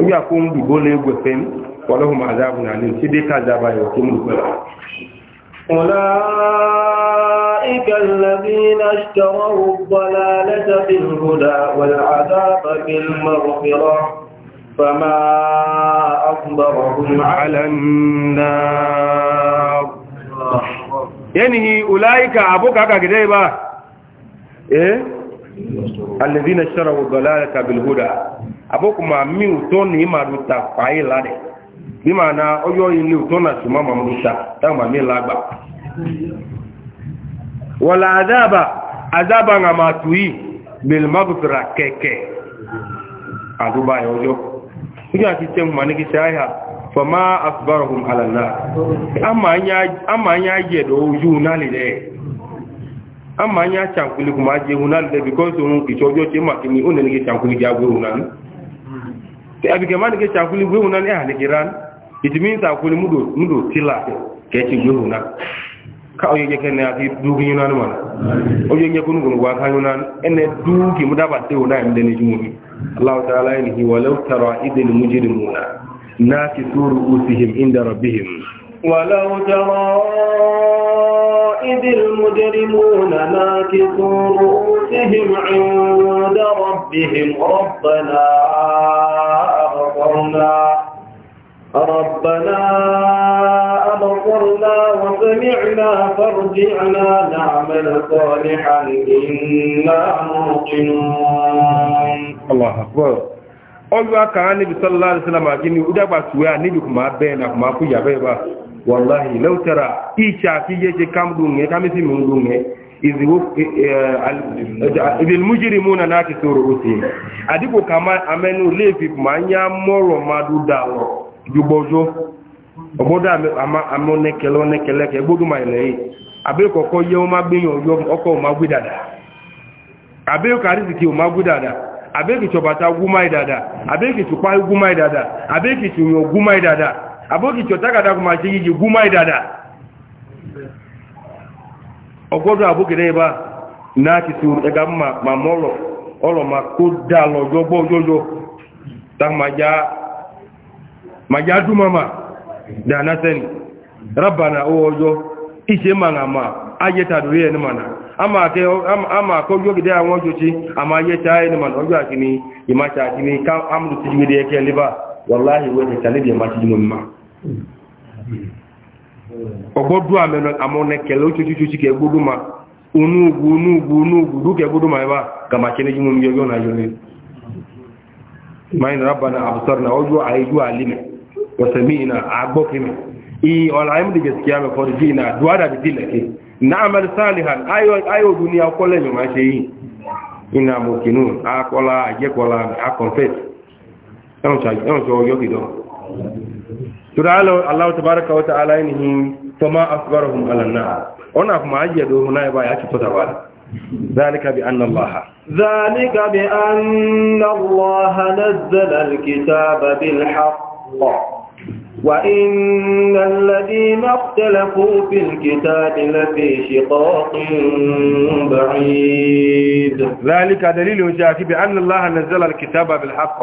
ojú àkóhun dùgbò lè gbẹ̀fẹ́ wọlọ́hùn àzáàbùn àlèm tí dé kájába yọ tó mú pẹ̀lá أولئك الذين اشتروا الضلالة بالهدى والعذاب بالمغفرة فما أصبرهم على النار ينهي أولئك أبوك أكاكدي با إيه الذين اشتروا الضلالة بالهدى aboko maa mi uto ni ma ruta fai la de bi ma na oyo ile uto na suma ma ruta ta ma mi gba. wala azaba azaba nga ma tuyi bil maghfira keke aduba yojo kuja ti tem ma ni ki saya fa ma asbarahum ala nar amma nya amma nya je do oju na le de amma nya chankuli kuma je hu na le because onu ki ojo ti ma kini onu ni ki chankuli ja guru na abike mani ke chakuli gwe una ni ahli kiran it means akuli mudo mudo tila ke ti gwe una ka o yeke ne ati dugi yuna ni mana o yeke kunu kunu wa kan yuna ene dugi muda ba te una ende ni na allah ta'ala inhi walau tara idil mujrimuna nasi usihim inda rabbihim ولو ترى إذ المجرمون ناكسوا رؤوسهم عند ربهم ربنا أغفرنا ربنا أبصرنا وسمعنا فارجعنا نعمل صالحا إنا موقنون الله أكبر ọlọ́wọ́ kan níbi sọ́lọ́lá àti sílámà kí ni ó dàgbà tùwẹ́ àníbì kò máa bẹ́ẹ̀ na kò máa kú ìyàbẹ́ bá wallahi law tara icha kijeje kamdu kam kamisi mundu nge izi e, e, e, ibil mujrimuna nakisu ruusihim adiko kama amenu lefi kumanya moro madudawo jubojo obodo amonekele onekeleke egboduma ile yi abe koko ye o ma gbeyan ojo oko o ma gbe dada abeko karisiki o ma gbe dada chobata gumai dada gumai dada abókì tí ọ̀tá kàdá kò máa ṣe yíyí gúnmá ìdàdà ọgọ́dọ̀ abókì náà bá náà ti tu ẹga e máa mọ́lọ̀ ọlọ̀ máa kó dà lọ́jọ́ gbọ́ ọjọ́jọ́ tá máa já dúmọ́mà dáná sẹ́ni rábànà owó ọjọ́ ìṣe ẹni mana ama àwọn tí a máa yẹ́ta ẹni ìmáta ká ọgbọ́dú àmọ́nẹ kẹlẹ̀ ó tójú tójú ma onúgbù onúgbù onúgbù lókẹ gbódú ma ẹbá kàmàkẹ́ ní jímọ̀ yọ yọ́nà yọ ní mayin rabana na ọjọ́ àìjú alímẹ̀ wọ̀sẹ̀mí ìnà agbọ́kímẹ̀ ìyí ọ̀la ayémúdì gẹ̀ẹ́sì àmẹ́ fọ́rìjì ìnà àdúwádà bí dí lẹ́kẹ́ náàmẹ́lì sáàlìhàn ayọ̀ dúní akọ́lẹ̀ turalo allah tabaraka wa ta'ala yanihi fama asbarahum ala nar ona kuma ayyado huna ba ya ci fata ba ذلك بأن الله ذلك بأن الله نزل الكتاب بالحق وَإِنَّ الَّذِينَ اخْتَلَفُوا في الكتاب لفي شقاق بعيد ذلك دليل جاءك بأن الله نزل الكتاب بالحق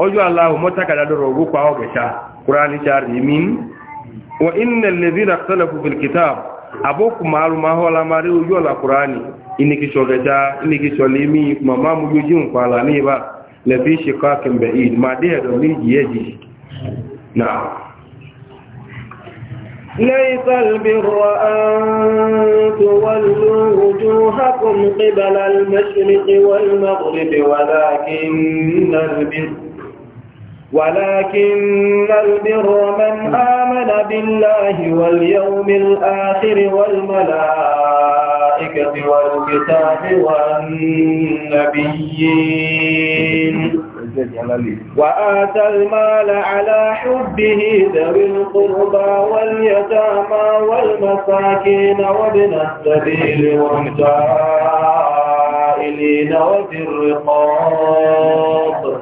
أجو الله متك لدروبك وغشا قرآن شهر وَإِنَّ الَّذِينَ اخْتَلَفُوا اختلفوا في الكتاب أبوك معلومة هو لما رأيو القرآن إنك شغشا إنك شليمي مما مجوجين فعلاني با لفي شقاق بعيد ما ديه دمي نعم ليس البر أن تولوا وجوهكم قبل المشرق والمغرب ولكن البر ولكن البر من آمن بالله واليوم الآخر والملائكة والكتاب والنبيين وآتى المال على حبه ذوي القربى واليتامى والمساكين وابن السبيل والسائلين وفي الرقاب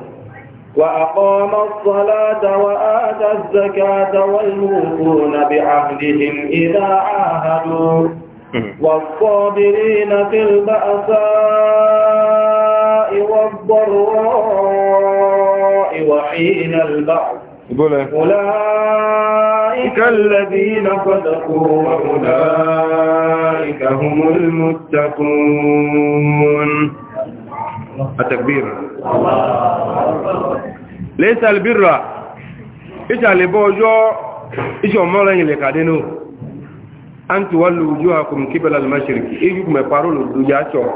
وأقام الصلاة وآتى الزكاة والموفون بعهدهم إذا عاهدوا والصابرين في البأساء والضراء حين البعث أولئك الذين صدقوا وأولئك هم المتقون التكبير ليس البر إجعل بوجو إيش إجعل مولين لكادينو أن تولوا وجوهكم قبل المشرق إجعلكم يقارون الدجاجة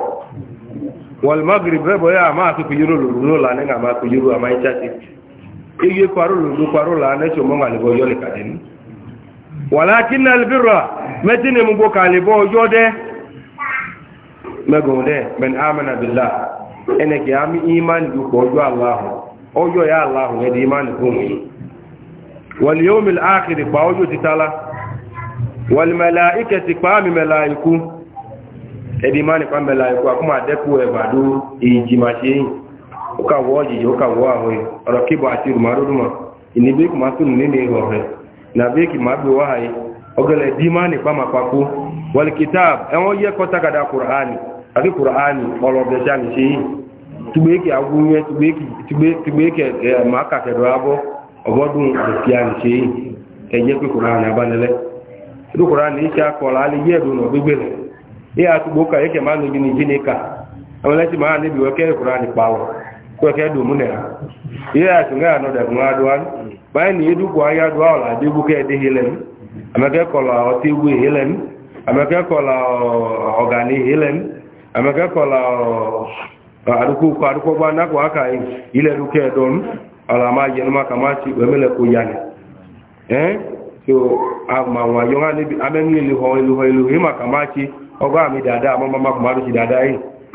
والمغرب ربو يا ما تكيرو لنو لنو ما تكيرو ما يشاتي ege kwarulu du kwarula ne cho mo ngale bojo le kadin walakin al birra metine mo bokale bojo de mago de ben amana billah ene ki ami iman ọjọọ ala allah ọjọọ ya allah ne di iman ku wal yawm al akhir bojo titala mela iku. qami malaiku edi iman qami malaiku akuma deku e badu ijimashi ụka gwọ ọjiji ụka gwọ ahụ ọrọ kịbụ achịrụ ma rụrụ ina beki ma tunu ne ne hore na beki ma bi wahai ogele dima ni pa mapaku wal kitab en o ye ko takada qur'ani abi qur'ani olo be jani si tubeki agunye tubeki tubeki eh, ma ka te do abo obodun kristian si e je ni ka ko ye do no bigbele e atuboka yeke ma no ni jinika awon lati ma ne bi kweke do mu ne ha ihe a tun ga no da mu aduan bai ni edu kwa ya do ala de bu ke de helen amake kola o ti bu helen amake kola o gani helen amake kola o aruku ko aruko ba na ko aka ile du ke don ala ma yen ma ti we mele ko yani eh so ama wa yo ngani bi amen ni li ho ilu ho ilu hima kama ti ogo ami dada mama mama ko ma ti dada yi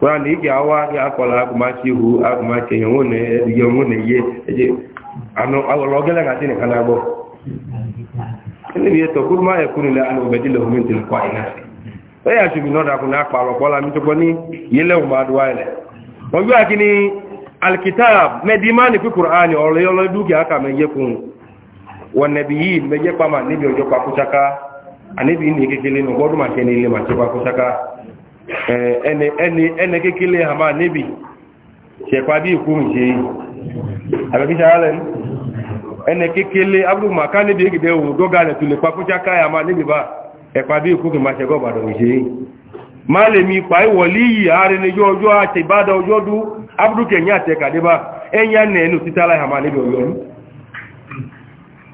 wa na ị ga-awa gị akọla agụmachi ihu agụmachi enye onwe na-eye eje anụ aghọrọ ogele ga dịnị ka na-agbọ ndị bi eto kuru ma ekuru le ana obedi le homin tin kwa ina o ya ju bi no da ku na pa ropo la mi to ni yele o ma duwa ile o ju akini alkitab medimani fi qur'ani o le yolo du ki aka me ye kun wa nabiyin me ye pa ma ni bi ojo pa ku saka ani bi ni kekele no godu ma kenile ma ti pa ẹni ẹni ẹni kékeré hama níbi ṣẹ̀pàdé ìkúrùn ṣe àbẹ̀kíṣà allen ẹni kékeré abúrúmàká níbi ìgbẹ̀ òun gọ́gà rẹ̀ tulè pàkúnṣáká àmà níbi bá ẹ̀pàdé ìkúrùn ma ṣẹ̀gọ́ ọ̀bàdàn ṣe má lè mi pa ìwọ̀lí yìí ààrẹ ní ọjọ́ àti ìbádà ọjọ́ dú abúrúkẹ̀yìn àtẹ̀kàdébá ẹ̀yà nẹ̀ẹ́nù títà láì àmà níbi ọ̀yọ́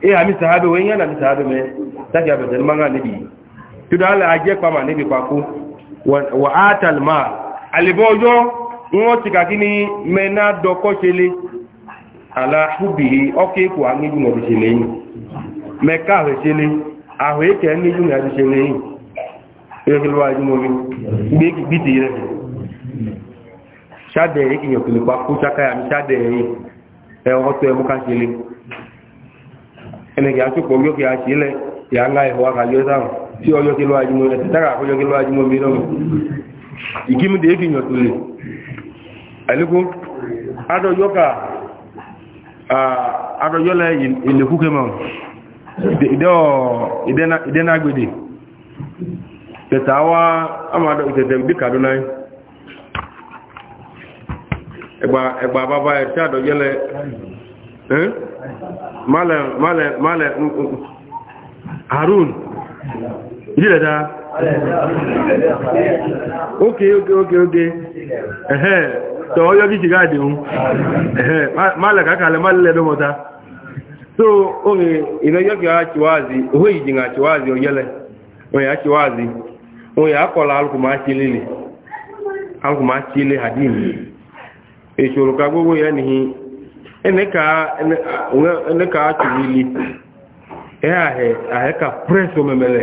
eha mi sahabe wẹ́yìn àmì sahabe mẹ́ sáàkì àbẹ̀tẹ̀ wa atal mal àlèbọ́ ọjọ́ wọ́n ti kàkí ní mẹ́ná dọ́kọ́ ṣe lé aláhùbì ọkẹ́ ikú agbẹ́jùmọ̀ ti ṣe lẹ́yìn mẹ́ká rẹ̀ ṣe lé àwọ̀ èkẹ́ agbẹ́jùmọ̀ ti ṣe lẹ́yìn ìrẹ́kẹ́lẹ́wà ìjùmọ̀ mi gbé gbí ti rẹ̀ ṣáàdẹ̀ èkì yọ̀kìlẹ̀ pa kó ṣákàyà mi ṣáàdẹ̀ ẹ̀họ́ tó ẹmú ká ṣe lé ẹnìkẹ́ àtúpọ̀ yókè àṣìlẹ̀ ìyá ńlá ìhọ́ àkàyọ́ o tí ọjọ́ kí lọ ajúmọ́ ẹ̀ tẹ́tàrà àkójọ́ kí lọ ajúmọ́ mi lọ́mọ̀ ìkímú dé kí yàn tó lè àlékó adọ́jọ́ ká adọ́jọ́ lẹ́ ìlẹ̀kúkẹ́ mọ́ ìdẹ́nàgbèdè tẹ̀tà wá àmàdọ̀ ìtẹ̀tẹ̀ bí kàdúnà ẹgbà bàbá ẹ̀ tí adọ́jọ́ lẹ́ Malẹ̀, malẹ̀, malẹ̀, Harun, jílẹ̀dá oké oké oké oké ẹ̀hẹ́ tọ ọyọ́ kí ṣìgá àdìhun ẹ̀hẹ́ máàlẹ̀ kàkàlẹ̀ máàlẹ̀ lọ́mọta so oye a àṣíwáàzì owó ìjìnà àṣíwáàzì ọyẹ́lẹ̀ oye àṣíwáàzì oye akọ̀lá alùkùnmá sílé àdìhun èṣòro ka gbogbo omemele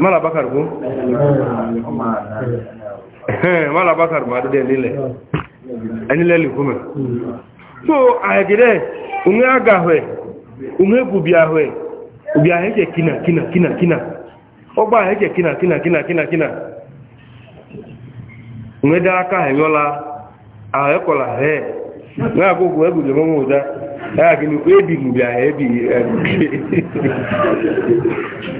mala bakar ko mala bakar ma dade nile anile li kuma so ajire unwe aga hwe unwe gubia hwe ubia heje kina kina kina kina ogba heje kina kina kina kina kina unwe da aka henyola ekola he na agogo egbu je mo mo ya gini ebi mu bia ebi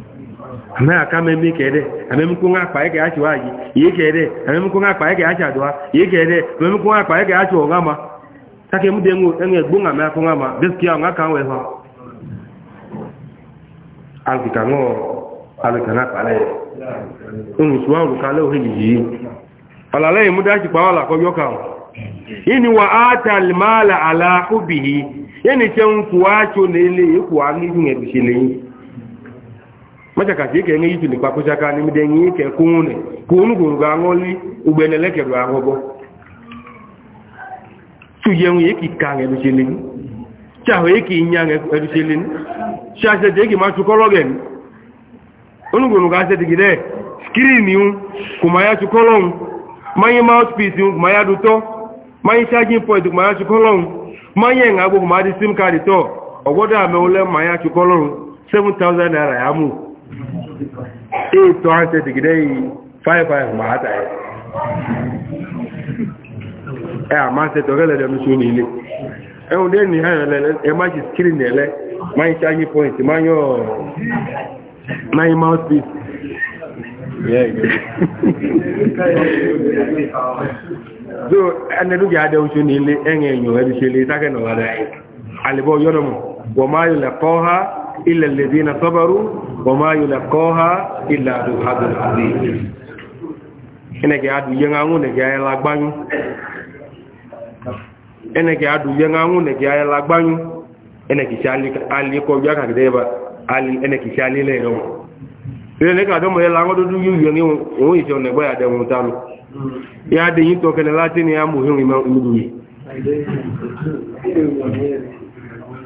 ame aka meme kede ameme ko nga kpae ke ye kede ameme akpa nga ka ke ye kede ameme ko nga kpae ke take mude ngo enge gbunga me ko ya gaskiya nga kan we ka alki kango alki na pale un suwa lu kale o hiji ala le muda chi pa wala ko yoka ini wa atal mala ala hubihi yani chen kuwacho ne ile ku ani maka ka ka enwe ihi nikwa kụcha nimide n'ime eke enye ike kwụ nwune ka li gwụrụ ga aṅụli ugbene elekere ahụbọ tuye nwe eki ka ŋa educhili chaho eki nya ŋa educhili chase de eki ma tukɔlɔ gɛ unu gwụrụ ga ase digi dɛ skrini ŋu kuma ya tukɔlɔ ŋu manye ŋu kuma ya dutɔ manye charging point kuma ya ŋu manye ŋa ma di sim card tɔ amewo lɛ ma ya ŋu naira ya 800 gidai 55 ma hata ya ẹ a máa ṣe tọ́gẹ́lẹ̀ lẹ́nu sí ní ilé ẹ̀hùn dé ní ẹ̀yàn lẹ́lẹ́ ẹ máa ṣe screen lẹ́lẹ́ máa ń ṣáyé point máa ń yọ máa ń mouthpiece so ẹnẹ́dúgbì adé oṣù ní ilé ẹ̀yìn ẹ̀yàn ẹ̀dùṣẹ́lẹ̀ tákẹ́ nọ̀wádà alìbọ̀ yọ́nàmù wọ̀ máa yọ lẹ́kọ́ ha إلا الذين صبروا وما يلقوها إلا ذو حظ عظيم ẹnẹ̀kẹ́ adùyẹ́ ńáhùn nẹ̀kẹ́ ayẹ́lágbáyún ẹnẹ̀kẹ́ adùyẹ́ ńáhùn nẹ̀kẹ́ ayẹ́lágbáyún ẹnẹ̀kìṣẹ́ alẹ́kọ̀ọ́gbá kàkẹ́dẹ́ ẹba ẹnẹ̀kìṣẹ́ alẹ́lẹ́ ẹ̀rọ ilẹ̀ ní kàdọ́mọ̀ yẹ́ láwọn dúdú yíò ní òun ìṣẹ́ ọ̀nẹ̀gbọ́ àdẹ̀wọ̀n tánu ya dẹ̀yìn tọ́kẹ́lẹ̀ láti ní amòhìn ìmọ̀ ìlú yìí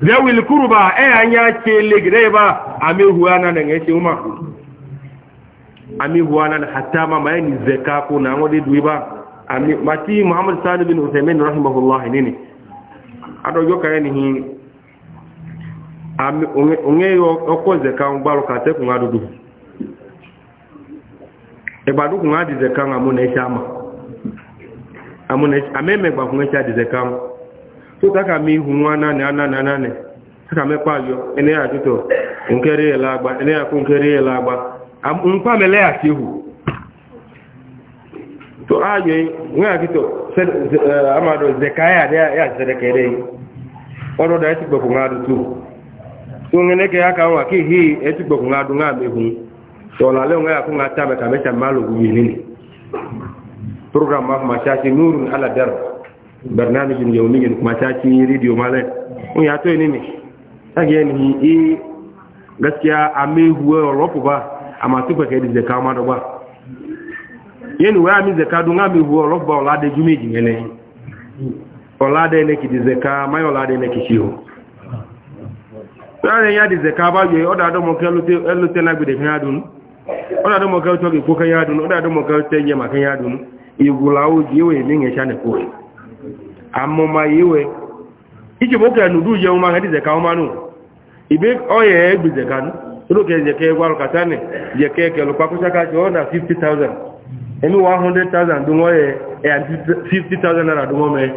dewil kuruba e eh, anya chele greba amehuana na ngeke uma amehuana na hatama ma ni zeka ko na ngode duiba ami mati muhammad sa'd bin uthaymeen rahimahullah nini ado yoka ni hi ami onge oko zeka ngbaro ka te kun adudu egbadu kun adi zeka ngamu na isha ama amune ameme gba kun isha zeka ngamu tó káka mi hùn wọn náà ní anáà náà ní káka mẹ́pà yọ ẹni àtútọ̀ nkẹ́rẹ́ yẹ lágbá ẹni àkó nkẹ́rẹ́ yẹ lágbá nkpa mẹ́lẹ́ àti hù tó ayọ yìí wọ́n yà kìtọ̀ amadu zẹ̀káyà yà zẹ̀rẹ̀kẹ̀rẹ̀ yìí ọdọ̀ dà ẹtì gbọ̀kùn náà dùtù tó ń ẹnẹ́kẹ́ yà kàn wà kí hì ẹtì gbọ̀kùn náà dùn náà mẹ́hùn tọ̀lá lẹ́wọ̀n yà kó ń ta mẹ́kàmẹ́sà má lò wù yìí nínú program ma fún ma ṣáṣe nurun aladẹ́rù barnamijin yaumiyyin kuma ta ci rediyo malai un ya to ne ne tage ni e gaskiya a mai huwa rofu ba a masu fake da zaka ma da ba yin wa mi zaka don a mai huwa rofu ba ola da jume jin ne ola da ne ki da zaka mai ola da ne ki ciwo tare ya da zaka ba yo oda do mo kelu te elu te na bi de kan adun oda do mo kelu to ki ko kan adun oda do mo kelu te ye ma kan adun igula o ji we ni nge ne ko amoma yewe iji boke ya nudu je uma hadi zeka uma nu ibe oye egbi zeka nu ro ke je ke gwa lokata ne je ke ke lokwa ko saka eni 100000 dungo ye e 50000 e naira dungo me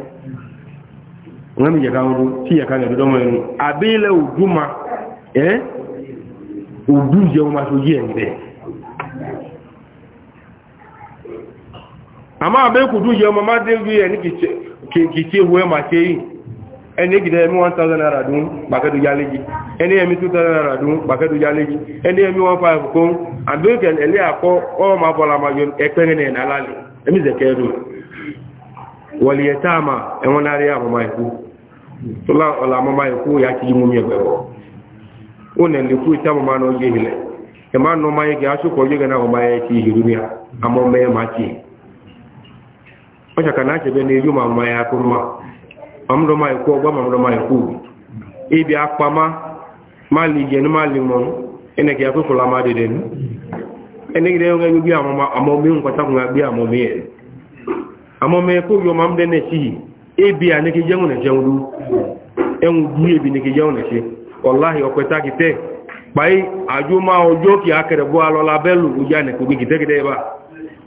ngami je ka ndu ti ya ka uduma eh udu e, je uma ama abe kudu je uma ma de kìí wé ma ṣe yìí ẹni gidẹ ẹmi 1000 naira dún pàkẹ́dù yá léjì ẹni ẹmi 2000 naira dún pàkẹ́dù yá léjì ẹni ẹmi 15 kún àbíkẹ̀ ẹlẹ́ àkọ́ ọmọ bọ́lá ma yọ ẹgbẹ́rin ẹ̀nà alálẹ̀ ẹmi zẹ̀kẹ́ ẹ̀rù wọ̀lẹ̀ táàmà ẹ̀wọ̀n náà rí àmọ́má ẹ̀kú tó lá àmọ́má ẹ̀kú yá ti mú mi ẹ̀gbẹ̀wọ̀ ó nẹ̀ lè kú ìtàmọ́ máa náà yé ilẹ̀ ọcha ka na-achebe na eju ma mma ya akụrụma mamdoma ikwu ọgba mamdoma ikwu kpama mali jen mali mọ eneke ya ma dịdị enegide ya amụma nkwata ya amụma ekwu gị ọma mbe na a neke jenwu na jenwu enwu bi ebi neke jenwu na echi ọlaghị ọkweta gị tee kpai ajụ ma ọjọọ ka akịrị bụ alọla belu ụja na gị ebe a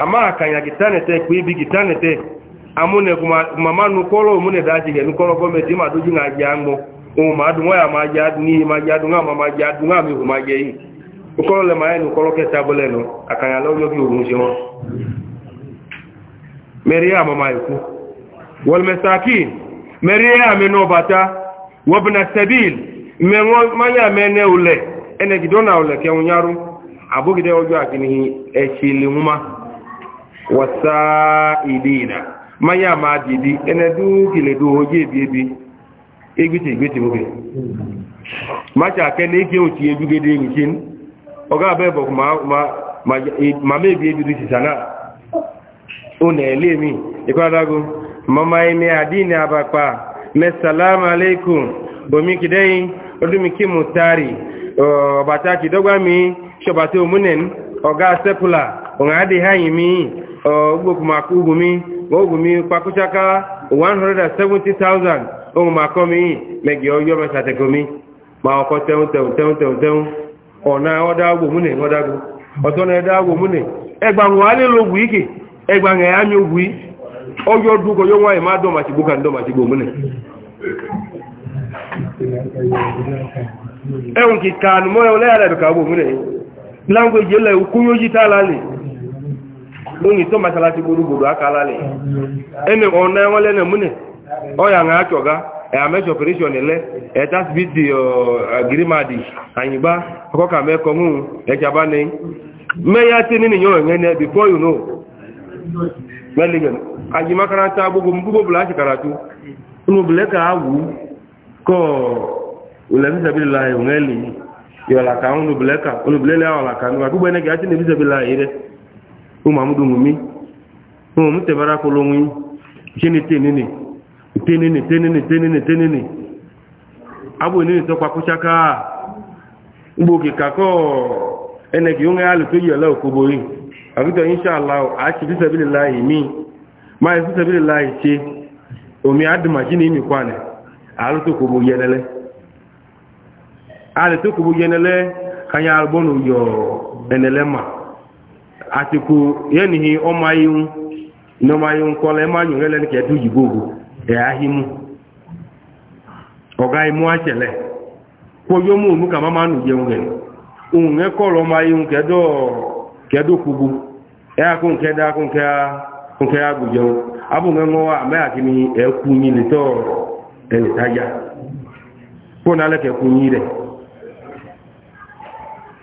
ama akanya gitanete kwibi gitanete amune kumamanu kolo umune daji genu kolo gometi maduji nga jango uma dungo ya maja ni maja dunga ma maja dunga mi kuma jeyi ukolo le mayenu kolo ke taboleno akanya lo yo bi umuje ho maria mama yiku wal masakin maria ameno bata wabna sabil mengo manya mene ule ene gidona ule ke unyaru abugide ojo akini echili muma wasa wasailina manya ma didi ene du kile du hoje bi bi egbiti egbiti bobe macha ke ne ke oti edu gede nkin oga be bo ma ma ma me bi edu ti sana ona ele mi ikwadago mama ine adini abapa me salamu alaikum bomi kidai odumi ki mutari o bataki dogwa mi shobate omunen oga sepula onga adi hayi mi ogbokumakugumi ogumi kpakuchaka 170,000 omumakomi megi oyo mesatekomi ma ọkọ tẹun tẹun tẹun tẹun tẹun ọ̀nà ọdá ogbòmúnẹ̀ ọdágún ọ̀tọ́nà ẹ̀dá ogbòmúnẹ̀ ẹgbàmù alélógún ike ẹgbàmù ẹ̀yámi ogun ọjọ́ na yóò wáyé má kìkà lóyìn tó masalasi gbogbogbò akala lè ẹni ọ̀nà ẹwọ́n lẹ́nà múnẹ̀ ọ̀yà ń àtọ̀gá ẹ̀àmẹ́sì operation lẹ́ ẹ̀ta e síbítì agirimadi e, àyìnbá ọkọ̀kà mẹ́kọ̀ọ́mù ẹ̀jàbá e ní mẹ́yà tí nínú ní before you know gbogbo gbogbo bùlá ti karatu bùlẹ́kà kọ́ umamudu ngumi umu tebara kolongwi jeni tenene tenene tenene tenene tenene abu ni to kwa kuchaka ngbo ke kako ene ki unga alu to yela okobori abito inshallah a ti bi sabilillah ma omi ma atiku yenihi ọmayinwu n'ọmayinwu kọla ẹmanyu hẹlẹ ní kẹtù yìgbò ògbò ẹ̀háhímú ọ̀gá imú àṣẹlẹ̀ ẹ kọlọ ọmayinwu kẹdọ̀ kẹdọ̀ kúgbù ẹ akún kẹdà akún kẹ agùjẹun abùnrin ńlọ wa àmẹ́ àti ní ẹkú yìí nìtọ́ ẹnìtajà kó nálẹ́kẹ̀kú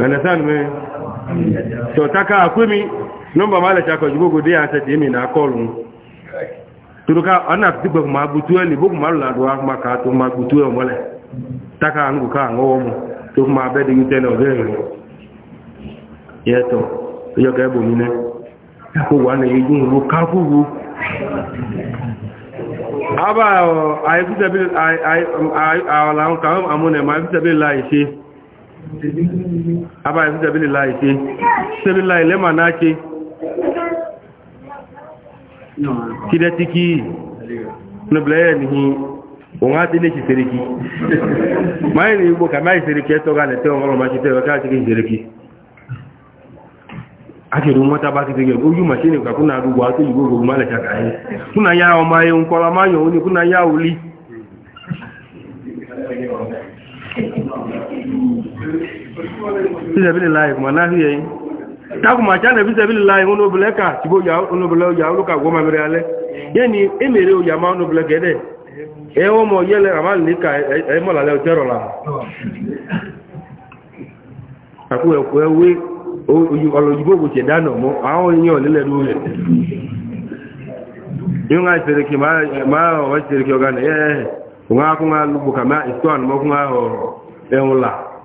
understand me so taka akwimi nọmba mala cha ko de ase mi na call turuka ana tigbo ma butu ali, bugu mala do ma ka to ma butu e mole taka ka ngowo mu to ma be de yute no gere yeto yo ga bu ni ko wa na yiju ru ka ku wu aba ayi bisabil ka amune ma la ise aba ya fi jabili lai ke sebi lai lema na ke kide tiki na blaya nihi òun ti ní ki máa ní gbogbo kàmá ìṣẹ́rẹ́kì ẹ́tọ́ gálẹ̀ tẹ́ ọmọ ọmọ ṣe tẹ́ ọ̀ká ìṣẹ́rẹ́kì ìṣẹ́rẹ́kì akẹ̀rù mọ́ta bá ìṣẹ̀bílì láì kùmà náà hìyẹ̀ yìí takùmà chánà bí ìṣẹ̀bílì láì onóbìlẹ̀ kà tí bó ya onóbìlẹ̀ ya olóka gbọ́mà mẹ́rẹ̀ alẹ́ yẹ́ ni emèrè òyà máa onóbìlẹ̀ kẹ́dẹ̀ ẹ mọ̀ yẹ́lẹ̀ àmàlìkà ẹmọ́lálẹ́ la àkú ẹ̀kú ẹwé ọlọ́yìnbó ẹ̀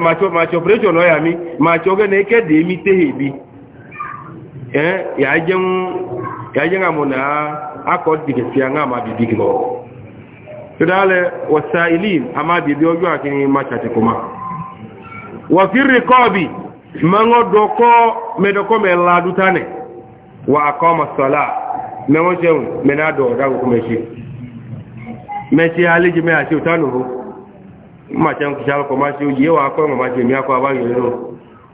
macho operation ọya mi macho oge na eke dị emi tehe bi eh, ya je nga mụ na akọ dịgasị ya nga amabibi gị lọ tụdale wasa ilim amabibi ọjọ akịrị macha tekuma wafiri kọbi mmanwụ dọkọ medọkọ mela dutane wa akọ masala mẹwọn ṣẹun mẹna dọ ọdá gbogbo mẹṣe mẹṣe alẹjẹ mẹ àṣẹ òtánù hó mmacha nkwụcha alụkọ macha oji ewa akọ ma macha emi akọ agbaghị elu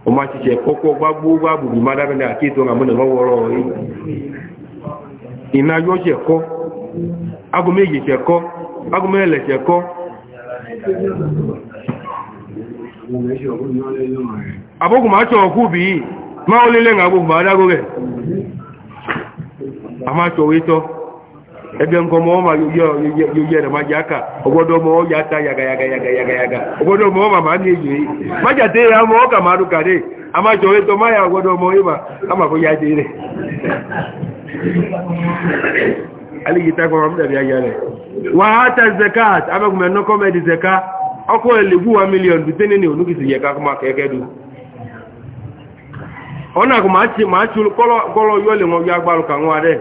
ọmachiche kpọkwọ gbagbuo gbagburu madabe na aka a na mụ na ọwọrọ ọyị ina yọ chekọ agụmeji chekọ agụmele chekọ abụghị m achọ bụ ma na agbụghị ma ịtọ ege nkomo oma yoyere majaka ogodo mo yata yaga yaga yaga yaga yaga ogodo mo ma ma ni yi maja te ya mo ka maru kare ama jowe to maya ogodo mo iba ama ko yaje ire ali gita ko amda bi ayare wa hata zakat ama kuma no ko medi zaka oko eligu wa million bitene ni onu kisi yeka kuma kekedu ona kuma achi ma achi kolo kolo yole mo ya gbaru kan wa de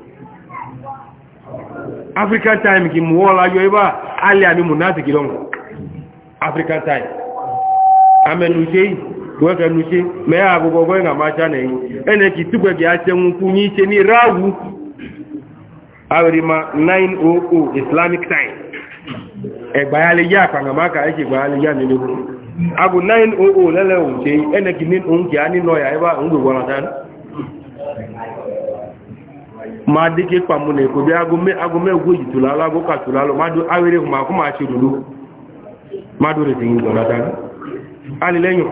african time kì mú ọ́la yọ ibá alẹ́ àmì mùnáàtìkì lọ́nà african time amẹnuṣe ìwẹ́kẹnuṣe mẹ́yà agogo ọgọ́ ìgbà máa ṣá nẹ̀yìn ẹnẹ kì túgbẹ̀kì aṣẹ́wọ̀n kú ní ṣe ní ráàwù àwẹ̀rìmà 900 islamic time ẹgbàyálẹ̀ yá yá 900 lẹ́lẹ̀ òun ṣe ẹnẹ kì ní òun kì á nínú ọ̀yà òun gbogbo ọ̀nà ma dike kpamu na ekobi agụmegwu ji tụlalụ agụka tụlalụ mmadụ awere hụ ma akwụ ma achị ruru mmadụ retighi ndọlata alilenyo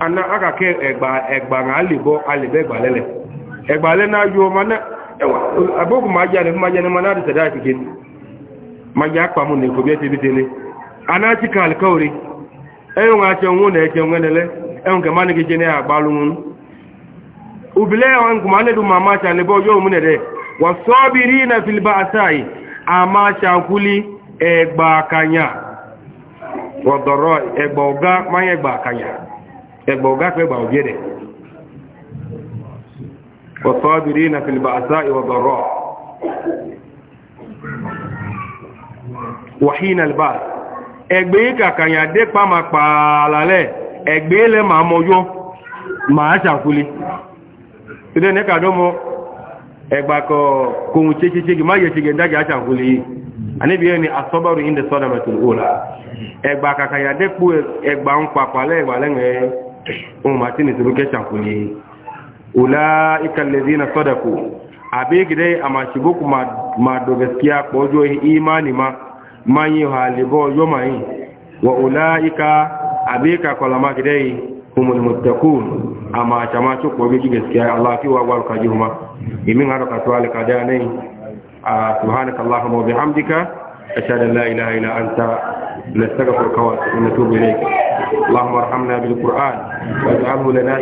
ana aka ke egba egba na alibo alibe gbalele egbale na yo mana aboku ma ne maja ne mana da sada kike maja kpa mu ne ko bi tebi tele ana ti kal kauri ayo nga che nwu na che nwenele enke mani ke je ne agbalu nwu ubile wan kuma ne du mama cha ne bo yo mu ne de wasabirina fil ba'sai ama cha kuli egba kanya wadoro egba oga ma egba kanya egba oga pe gba ogede wasabirina fil ba'sai wadara wahina al ba'th egbe ka ilé ní kàdọ́mọ́ ẹgbàkọ̀ kòhun chékéchékì má yẹ ṣege dájá àṣàkúlé yìí àníbi ẹni asọ́bọ̀rù ìndẹ̀ sọ́dọ̀mẹ̀tò òòlà ẹgbà kàkàyà dẹ́kù ẹgbà ń papà lẹ́gbà lẹ́gbẹ̀ẹ́ ohun màtí ní ìṣòro kẹṣàkúlé òòlà ìkàlẹ̀dí na sọ́dọ̀kù ma dọ̀gẹ̀síà pọ̀jọ́ ìmánì ma máa yí ọ̀hà àlèbọ̀ yọ́mà yìí humul muttaqun amma jama ci ko bi gaskiya Allah fi wa wal kajuma imin hada ka to alka da nai subhanaka allahumma wa bihamdika ashhadu an la ilaha illa anta nastaghfiruka wa natubu ilayk اللهم ارحمنا بالقران واجعله لنا